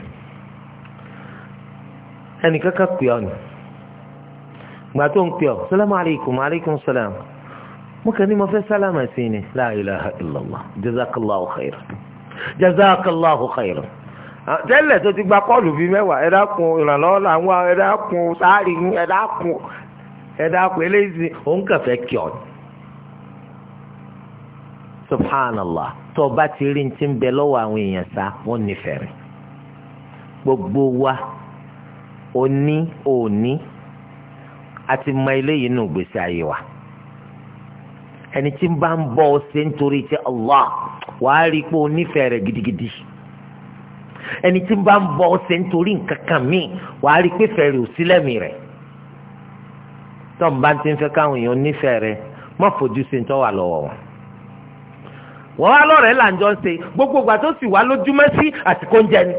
ẹnìkan kan pè ọ ni gbà tó ń pè ọ salamu aleykum aleykum salam mo kàn ní mo fẹ́ sálámà sí ni la ilaha illallah jazakallahu khairan jazakallahu khairan tẹ́lẹ̀ tó ti gba kọ́ọ̀lù bíi mẹ́wàá ẹ̀dá kun ìrànlọ́wọ́ là ń wá ẹ̀dá kun sáárì ń ẹ̀dá kun ẹ̀dá kun eléyìí òun kẹfẹ́ kí ọ. subhanallah tó o bá ti rí ti ń bẹ lọ́wọ́ àwọn èèyàn sá wọ́n nífẹ̀ẹ́ rẹ̀ gbogbo wa òní òní àti mọ eléyìí nù gbèsè ayé wa ẹni tí ń bá ń bọ́ ọ ṣe nítorí ti Allah wàá rí i pé o nífẹ̀ẹ́ rẹ̀ gidigidi ẹni tí ń bá ń bọ́ ọ ṣe nítorí nǹkan kan míì wàá rí i pé fẹ̀rẹ̀ ò sí lẹ́mìí rẹ̀ tó ń bá ti ń fẹ́ káwọn èèyàn nífẹ̀ẹ́ rẹ̀ má fojú sí ní tó wà lọ́wọ́ wọn. wọ́n wá lọ́rẹ̀ẹ́ là ń ṣe gbogbo ìgbà tó sì wá lójúmọ́ sí àsìkò oúnjẹ ni.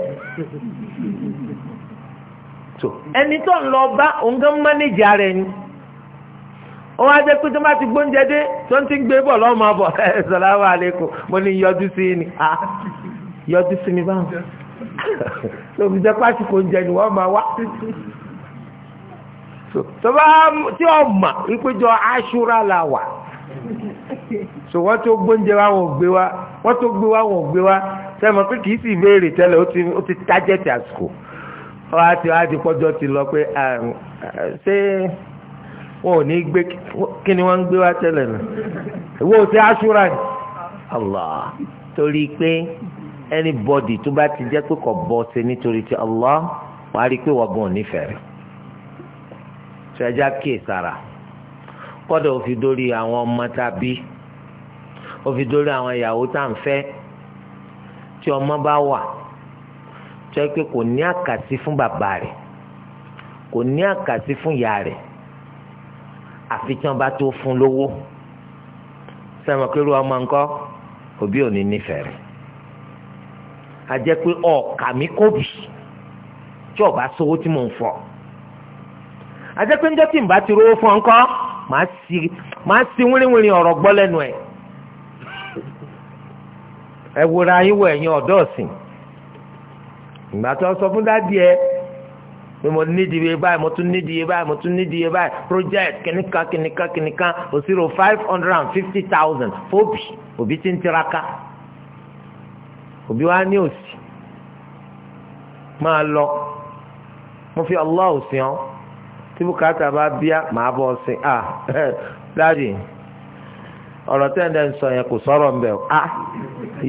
ẹni tó ń lọ bá òun gan mánéjì ara ẹni ó wá jẹ́ pé tó bá ti gbóúnjẹ dé tó ń ti gbé bọ̀ lọ́wọ́ máa bọ̀ ẹ sàlámù àlékún mo ní yọjú sí ni ah, yọjú sí mi báwọn tó [laughs] fi jẹ́ pásíkò oúnjẹ ni wọ́n máa wá tó bá tí ó mà wípéjọ aṣúra la wà so wọ́n tó gbóúnjẹ wa wọ́n gbé wa wọ́n tó gbé wa wọ́n gbé wa sẹ́mi pé kì í sì béèrè tẹ́lẹ̀ ó ti tájẹ́tì àsìkò wọ́n á ti pọ́jọ́ ti lọ pé um, ṣé wọn ò ní gbé kí ni wọ́n ń gbé wá tẹ́lẹ̀ nà ìwọ ti aṣúra ni allah torí pé anybody tó bá ti jẹ́ pé kò bọ́ ṣe nítorí ti allah wọ́n á rí i pé wọ́n gan ò nífẹ̀ẹ́ rẹ̀ ṣẹjá kíyè sára kọ́dọ̀ ò fi dórí àwọn ọmọ tàbí ó fi dórí àwọn ìyàwó tá à ń fẹ́ tí ọmọ bá wà tó yẹ pé kò ní àkàsí fún bàbá rẹ̀ kò ní àkàsí fún ìyá rẹ̀ àfi tí wọ́n bá tó fún lówó sẹ́wọ̀n pé irú ọmọ nǹkan òbí ò ní nífẹ̀ẹ́ rẹ̀ a jẹ́ pé ọ̀kà mi kò bì tí ọba sówó tí mò ń fọ a jẹ́ pé níjọ́ tí n bá ti rówó fún ọ ńkọ́ màá sí wíríwíri ọ̀rọ̀ gbọ́ lẹ́nu ẹ̀ ẹ wòra yín wọ ẹ̀yin ọ̀dọ́ ọ̀sìn ìgbà tó sọ fún dádìí ẹ pé mo nídìí iye báyìí mo tún nídìí iye báyìí mo tún nídìí iye báyìí project kìnìkan kìnìkan kìnìkan òsirò five hundred and fifty thousand fóbi òbí ti ń tiraka òbí wa ní òsì máa lọ mo fi Allah òsì hàn tí bùkátà bá bíá màá bọ̀ ọ̀sìn à [laughs] dáàdì ọ̀rọ̀ tẹ́ǹdẹ̀ ń sọ yẹn kò sọ̀rọ̀ ń bẹ̀ ọ́ à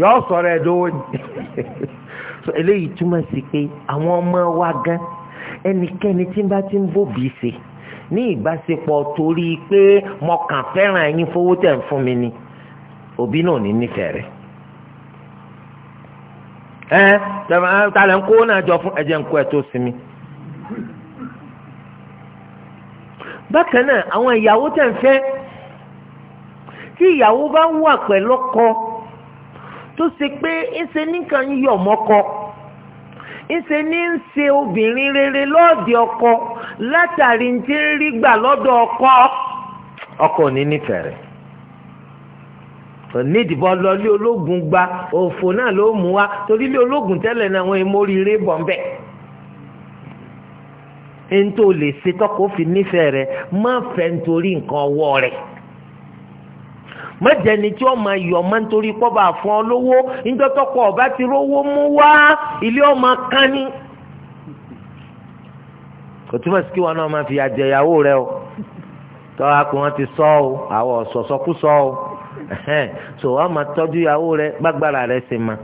yọ sọ̀rọ̀ ẹ̀ dówó ni [laughs] eléyìí túmọ̀ sí pé àwọn ọmọ wa gan ẹnikẹ́ni tí bá ti ń bòbí ṣe ní ìbáṣepọ̀ torí pé mo kàn fẹ́ràn ẹyin fowó tẹ̀ ń fún mi ni òbí náà ní nífẹ̀ẹ́ rẹ̀ ẹ tàlẹ̀ ń kó náà jọ fún ẹ̀jẹ̀ ń kó ẹ̀ tó sinmi. bákan náà àwọn ìyàwó tẹ̀ ń fẹ́ tí ìyàwó bá wà pẹ̀lú ọkọ tó ṣe pé ń ṣe nìkan yọ̀ mọ́kọ ńṣe ní ń ṣe obìnrin rere lọ́ọ̀dì ọkọ látàrí ń ti ń rí gbà lọ́dọ̀ ọkọ ọkọ ò ní nífẹ̀ẹ́ rẹ̀ onídìbò lọlé ológun gba òfò náà ló mú wa torí lé ológun tẹ́lẹ̀ náà wọ́n emori eré bọ̀ ń bẹ̀ ẹni tó lè ṣe tọkọ fi nífẹ̀ẹ́ rẹ̀ má fẹ́ nítorí nǹkan ọwọ́ rẹ̀. mẹjẹni tí ọmọ ayọ máa ń torí pọba fún ọ lówó ńdọtọpọ ọba ti rówó mú wá ilé ọmọ kání kò túmọ̀ sí kí wọn náà máa fi àjẹ ìyàwó rẹ o tọ́wá pé wọ́n ti sọ ọ́ àwọn ọ̀sọ̀sọ́kú sọ ọ́ so wọ́n máa tọ́jú ìyàwó rẹ gbàgbára rẹ sì máa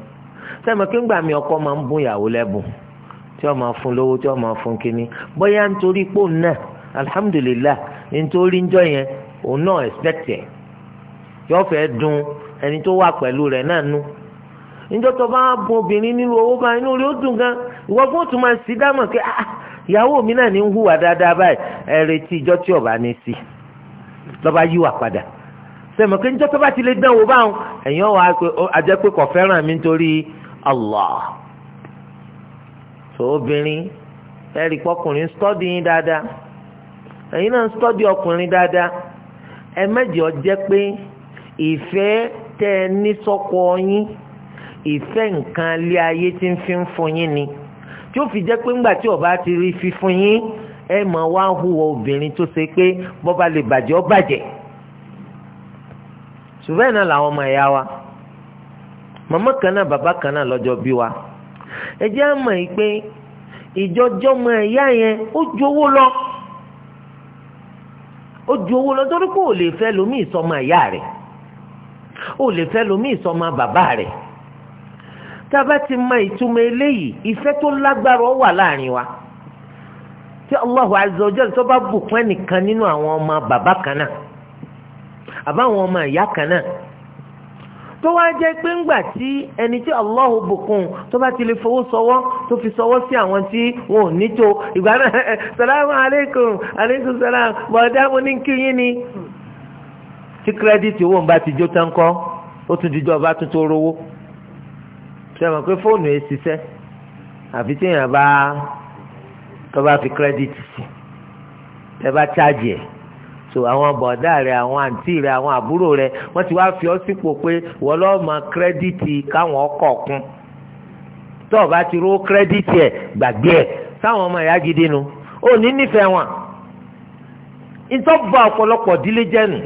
sẹ́mi kí ń gbà mí ọkọ máa ń bún ìyàwó lẹ́bùn tí wọ́n fún lówó tí wọ́n fún kínní bóyá nítorí pò náà alhamdulillah nítorí ń jọ yẹn òun náà expect yẹn yọ fẹ́ dùn ẹni tó wà pẹ̀lú rẹ̀ náà nú níjọ́ tó bá bọ obìnrin nínú owó bá inú rẹ̀ ó dùn gan ìwọ fún òtún máa sí dámọ̀ pé ah, ìyàwó mi náà ní ń hùwà dáadáa báyìí ẹ retí ìjọ́ tí ọba ní sí padà bá ti lè dán owó báwọn ẹ̀yìn àjẹ́ pé kò fẹ́ràn mi nítorí Allah obìnrin ìfẹ́ tẹ́ ní sọ́kọ yín ìfẹ́ nǹkan lé ayé tí ń fi ń fún ni tí ó fi jẹ́ pé ńgbà ọba ti rí fífún yín ẹ mọ̀ wá hùwà obìnrin tó ṣe pé bọ́ba lè bàjẹ́ ọ bàjẹ́ ṣùgbọ́n náà làwọn ọmọ ẹ̀yà wa màmá kan náà bàbá kan náà lọ́jọ́ bí wa ẹ jẹ́ àmọ̀ yìí pé ìjọjọ́mọ ẹ̀yà yẹn ó ju owó lọ ó ju owó lọ torí kò o lè fẹ́ lomi ìsọmọ bàbá rẹ̀ tá a bá ti mọ ìtumọ̀ eléyìí ìfẹ́ tó lágbára wà láàrin wa tí Allahu azza wa jalla tó bá bùkún ẹnìkan nínú àwọn ọmọ bàbá kan náà àbáwọn ọmọ ìyá kan náà tó wá jẹ́ pé ńgbà tí ẹni tí Allahu bùkún tó bá ti lè fowó sọwọ́ tó fi sọwọ́ sí àwọn tí wọn ò ní tó ìgbà náà [laughs] salamu aleykum aleykum salam bọ̀dá mo ní kí yín ni. tí kírẹ́dìtì owó ń bá ti jó tán kọ́ ó tún dijọ́ ọba tuntun rówó ṣe mọ̀ pé fóònù yẹn ṣiṣẹ́ àfi tí èèyàn bá tó bá fi kírẹ́dìtì sí tẹ́ bá chájì ẹ̀ so àwọn bọ̀dá rẹ̀ àwọn àǹtí rẹ̀ àwọn àbúrò rẹ̀ wọ́n ti wá fi ọ́ sípò pé wọ́n lọ́ọ́ mọ kírẹ́dìtì káwọn ọkọ̀ kún tó o bá ti ró kírẹ́dìtì ẹ̀ gbàgbé ẹ̀ sáwọn ọmọ ìyá gidi nu ò ní nífẹ̀ẹ́ wọn ìtọ́ bá ọ̀pọ̀lọpọ̀ dílé jẹ́nu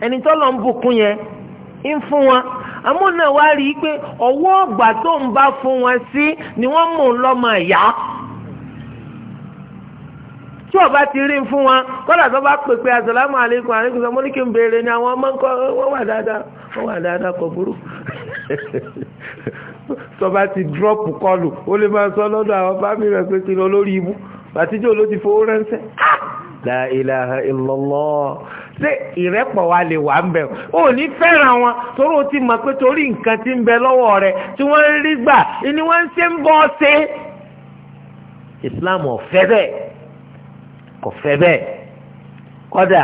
ẹni tó lọ ń bùkún yẹn ń fún wọn àmọ́ náà wá rí i pé ọwọ́ ọ̀gbà tó ń bá fún wọn sí ni wọ́n mú un lọ́mọ ìyá tí ọba ti rí fún wọn kọ́dà tó bá pè pé asàlámù alaykum alaykum sọ mo ní kí n béèrè ni àwọn ọmọ nǹkan wọ́n wà dáadáa wọ́n wà dáadáa kò burú [laughs] tọba ti dúrọ́pù kọlù ó lè máa sọ lọ́dọ̀ àwọn fámìlì rẹ̀ pé kí ni olórí ibú àtijọ́ ló ti fowó ránṣẹ́. Ah! la ilaha illallah se ìrẹ́pọ̀ wa lè wà ń bẹ̀ ò ní fẹ́ràn wọn torí o ti mọ̀ pé torí nǹkan ti ń bẹ lọ́wọ́ rẹ tí wọ́n ń rí gbà ni wọ́n ń ṣe ń bọ́ ṣe. Islam ò fẹ́ bẹ́ẹ̀ kò fẹ́ bẹ́ẹ̀ kọ́dà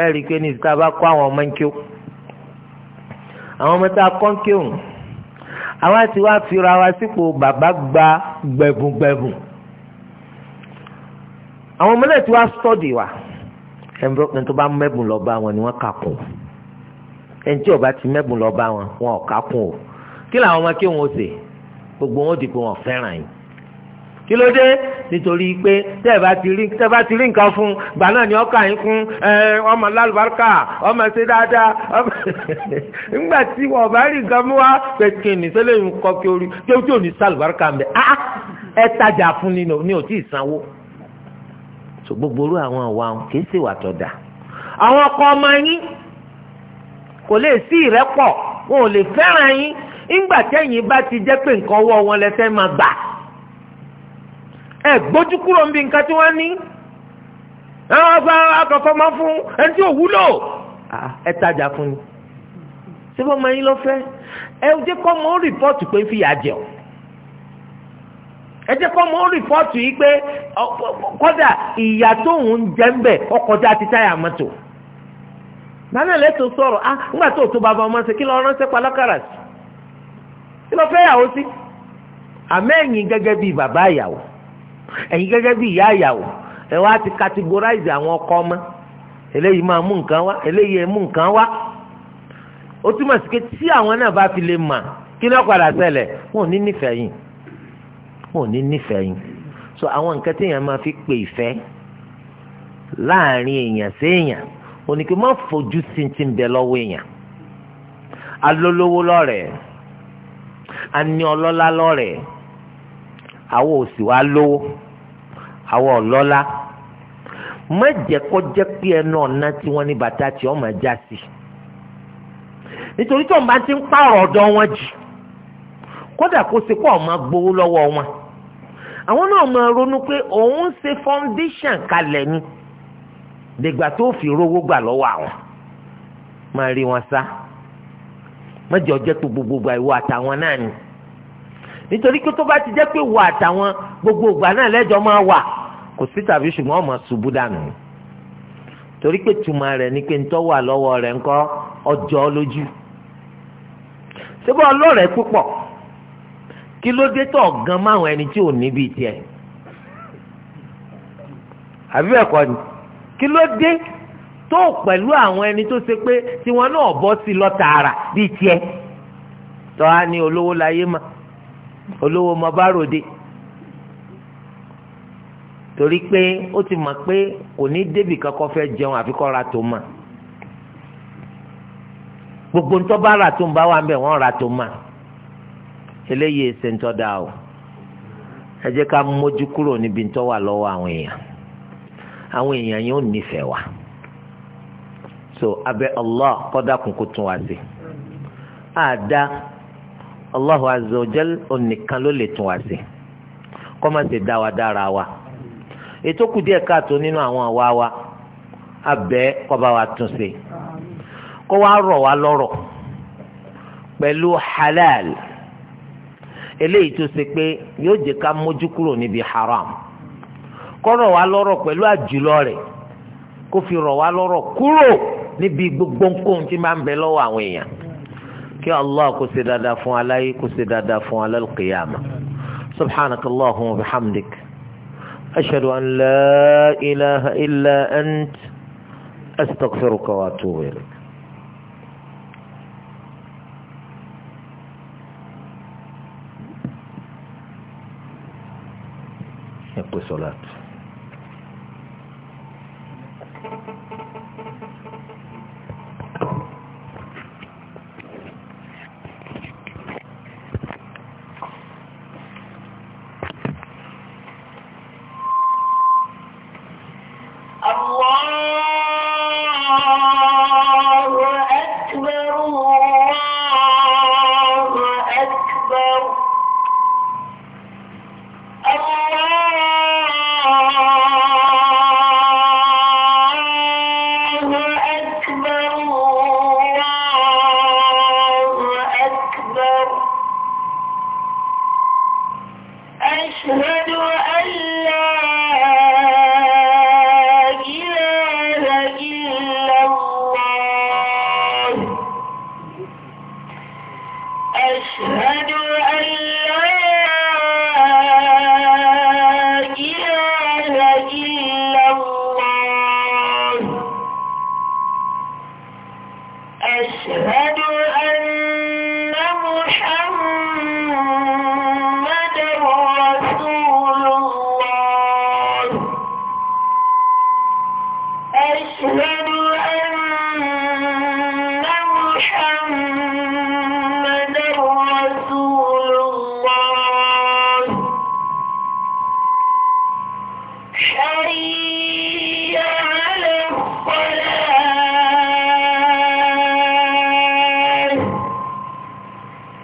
ẹ rí i pé ní ìta bá kó àwọn ọmọ ń kí ó àwọn ọmọ tá a kọ́ ń kí òun àwa wá fira wa sípò bàbá gba gbẹ̀bùngbẹ̀bùn àwọn ọmọ náà ti wá sọ́ọ̀dì wa. Sitodiwa ẹnbọ́n tó bá mẹ́bùn lọ bá wọn ni wọ́n kà kún ẹni tí ọba ti mẹ́bùn lọ bá wọn wọn ò kà kún o kí làwọn ọmọ kí wọn ó sè gbogbo wọn ó di pé wọn fẹ́ràn yìí kí ló dé nítorí pé tẹ́ ẹ bá ti rí tẹ́ ẹ bá ti rí nǹkan fún gbà náà ni ọkà yín kún ẹ ọmọ lálùbáríkà ọmọ ṣe dáadáa ọmọ [laughs] nígbà tí wọn ọba rí nǹkan mú wa pé kí ni ń kọ́ kí orí kí ojú ò ní sálùbáríkà ń bẹ̀ ẹ tajà fún ni ní ò tí ì sanwó so gbogbo orú àwọn àwa kìí ṣe wà tọ̀ dà àwọn ọkọ ọmọ yín kò lè sí ìrẹ́pọ̀ wọn ò lè fẹ́ràn yín ńgbà tẹ́yìn bá ti jẹ́ pé nǹkan ọwọ́ wọn lẹ́sẹ̀ máa gbà ẹ gbójú kúrò níbi nǹkan tí wọ́n ní àwọn ọba akọ̀kọ̀ máa fún ẹni tí ò wúlò ah, ẹ tajà fún ni ṣé bọ́ ọmọ yín lọ fẹ́ ẹ jẹ́ kọ́ mọ́ rìpọ́ọ̀tù pé ń fìyà jẹun. ẹ jẹ́ kó mọ́ rìpọ́ọ̀tù yìí pé kọ́dà ìyà tóun ń jẹ́ ń bẹ̀ ọkọjá ti táyà mọ́tò ah ńgbà tó tó bàbá ọmọ ṣe kí lọ ránṣẹ́ palákàrà sí kí lọ fẹ́ yàwó sí àmọ́ ẹ̀yin bíi bàbá ìyàwó bíi ìyá ìyàwó ẹ ti categorize àwọn ọkọ ọmọ eléyìí máa wọn ò ní nífẹ̀ẹ́ wọn ò ní nífẹ̀ẹ́ yín so àwọn nǹkan téèyàn máa fi pè ìfẹ́ láàrin èèyàn séèyàn oníkè má fojú títí ń bẹ lọ́wọ́ èèyàn alólówó lọ́rẹ̀ẹ́ ani ọlọ́lá lọ́rẹ̀ẹ́ àwọn òsì wa lówó àwọn ọlọ́lá mẹ́jẹ̀kọ́jẹ́ pé ẹnu ọ̀nà tí wọ́n ní bàtà tí ọmọ ẹja sí nítorí tí wọ́n bá ti ń pààrọ̀ ọ̀dọ́ wọn jù kódà kó ṣe pọ̀ máa gbowó lọ́wọ́ wọn àwọn náà máa ronú pé òun ṣe foundation kalẹ̀ ni dìgbà tó fi rówó gbà lọ́wọ́ àwọn máa rí wọn sá mọ́jọ jẹ́ pé gbogbo ìwọ àtàwọn náà ni nítorí pé tó bá ti jẹ́ pé wọ àtàwọn gbogbo ìgbà náà lẹ́jọ́ máa wà kò sí tàbí ṣùgbọ́n ọmọ ṣubú dànù torí pé tuma rẹ̀ ni pé ntọ́ wà lọ́wọ́ rẹ̀ ńkọ́ ọjọ́ lójú síbí ọlọ́rẹ̀ púpọ̀ kí ló dé tọ̀ gan máwọn ẹni tí ò ní tiẹ̀ àbí ẹ̀kọ́ ni kí ló dé tó pẹ̀lú àwọn ẹni tó ṣe pé tiwọn náà bọ́ sí lọ tààrà bíi tiẹ̀ tọ́ a ní olówó láyé ma olówó ma bá ròde torí pé ó ti mọ̀ pé kò ní débì kankan fẹ́ jẹun àfi kọ́ ra tó ma gbogbo ntọ́ bá ra tó ń bá wà ń bẹ̀ wọ́n ra tó ma eléyìí ẹsẹ̀ ń tọ́ da o ẹ jẹ́ ká mójú kúrò níbi tó wà lọ́wọ́ àwọn èèyàn àwọn èèyàn yóò nífẹ̀ẹ́ wa so abẹ́ Allah kọ́dákùn kó tún wá sí àdá Allahu azza wa jal onìkan ló lè tún wá sí kọ́ má ṣe dá wa dára wa ètò kù díẹ̀ káàtó nínú àwọn àwa wa abẹ́ kó wa tún sí kó wá rọ̀ wá lọ́rọ̀ pẹ̀lú halal eléyìí tó ṣe pé yóò jẹ́ ká mójú kúrò níbi haram kọ́rọ̀ wa lọ́rọ̀ pẹ̀lú àjùlọ rẹ̀ kó fi rọ̀ wa lọ́rọ̀ kúrò níbi gbogbo nǹkan tí máa ń bẹ lọ́wọ́ àwọn èèyàn kí allah kó ṣe dáadáa fún aláyé kó ṣe dáadáa fún alálùkìyàmà subhanaka allahumma wa bihamdik ashhadu an la ilaha illa ant astaghfiruka wa atubu solat.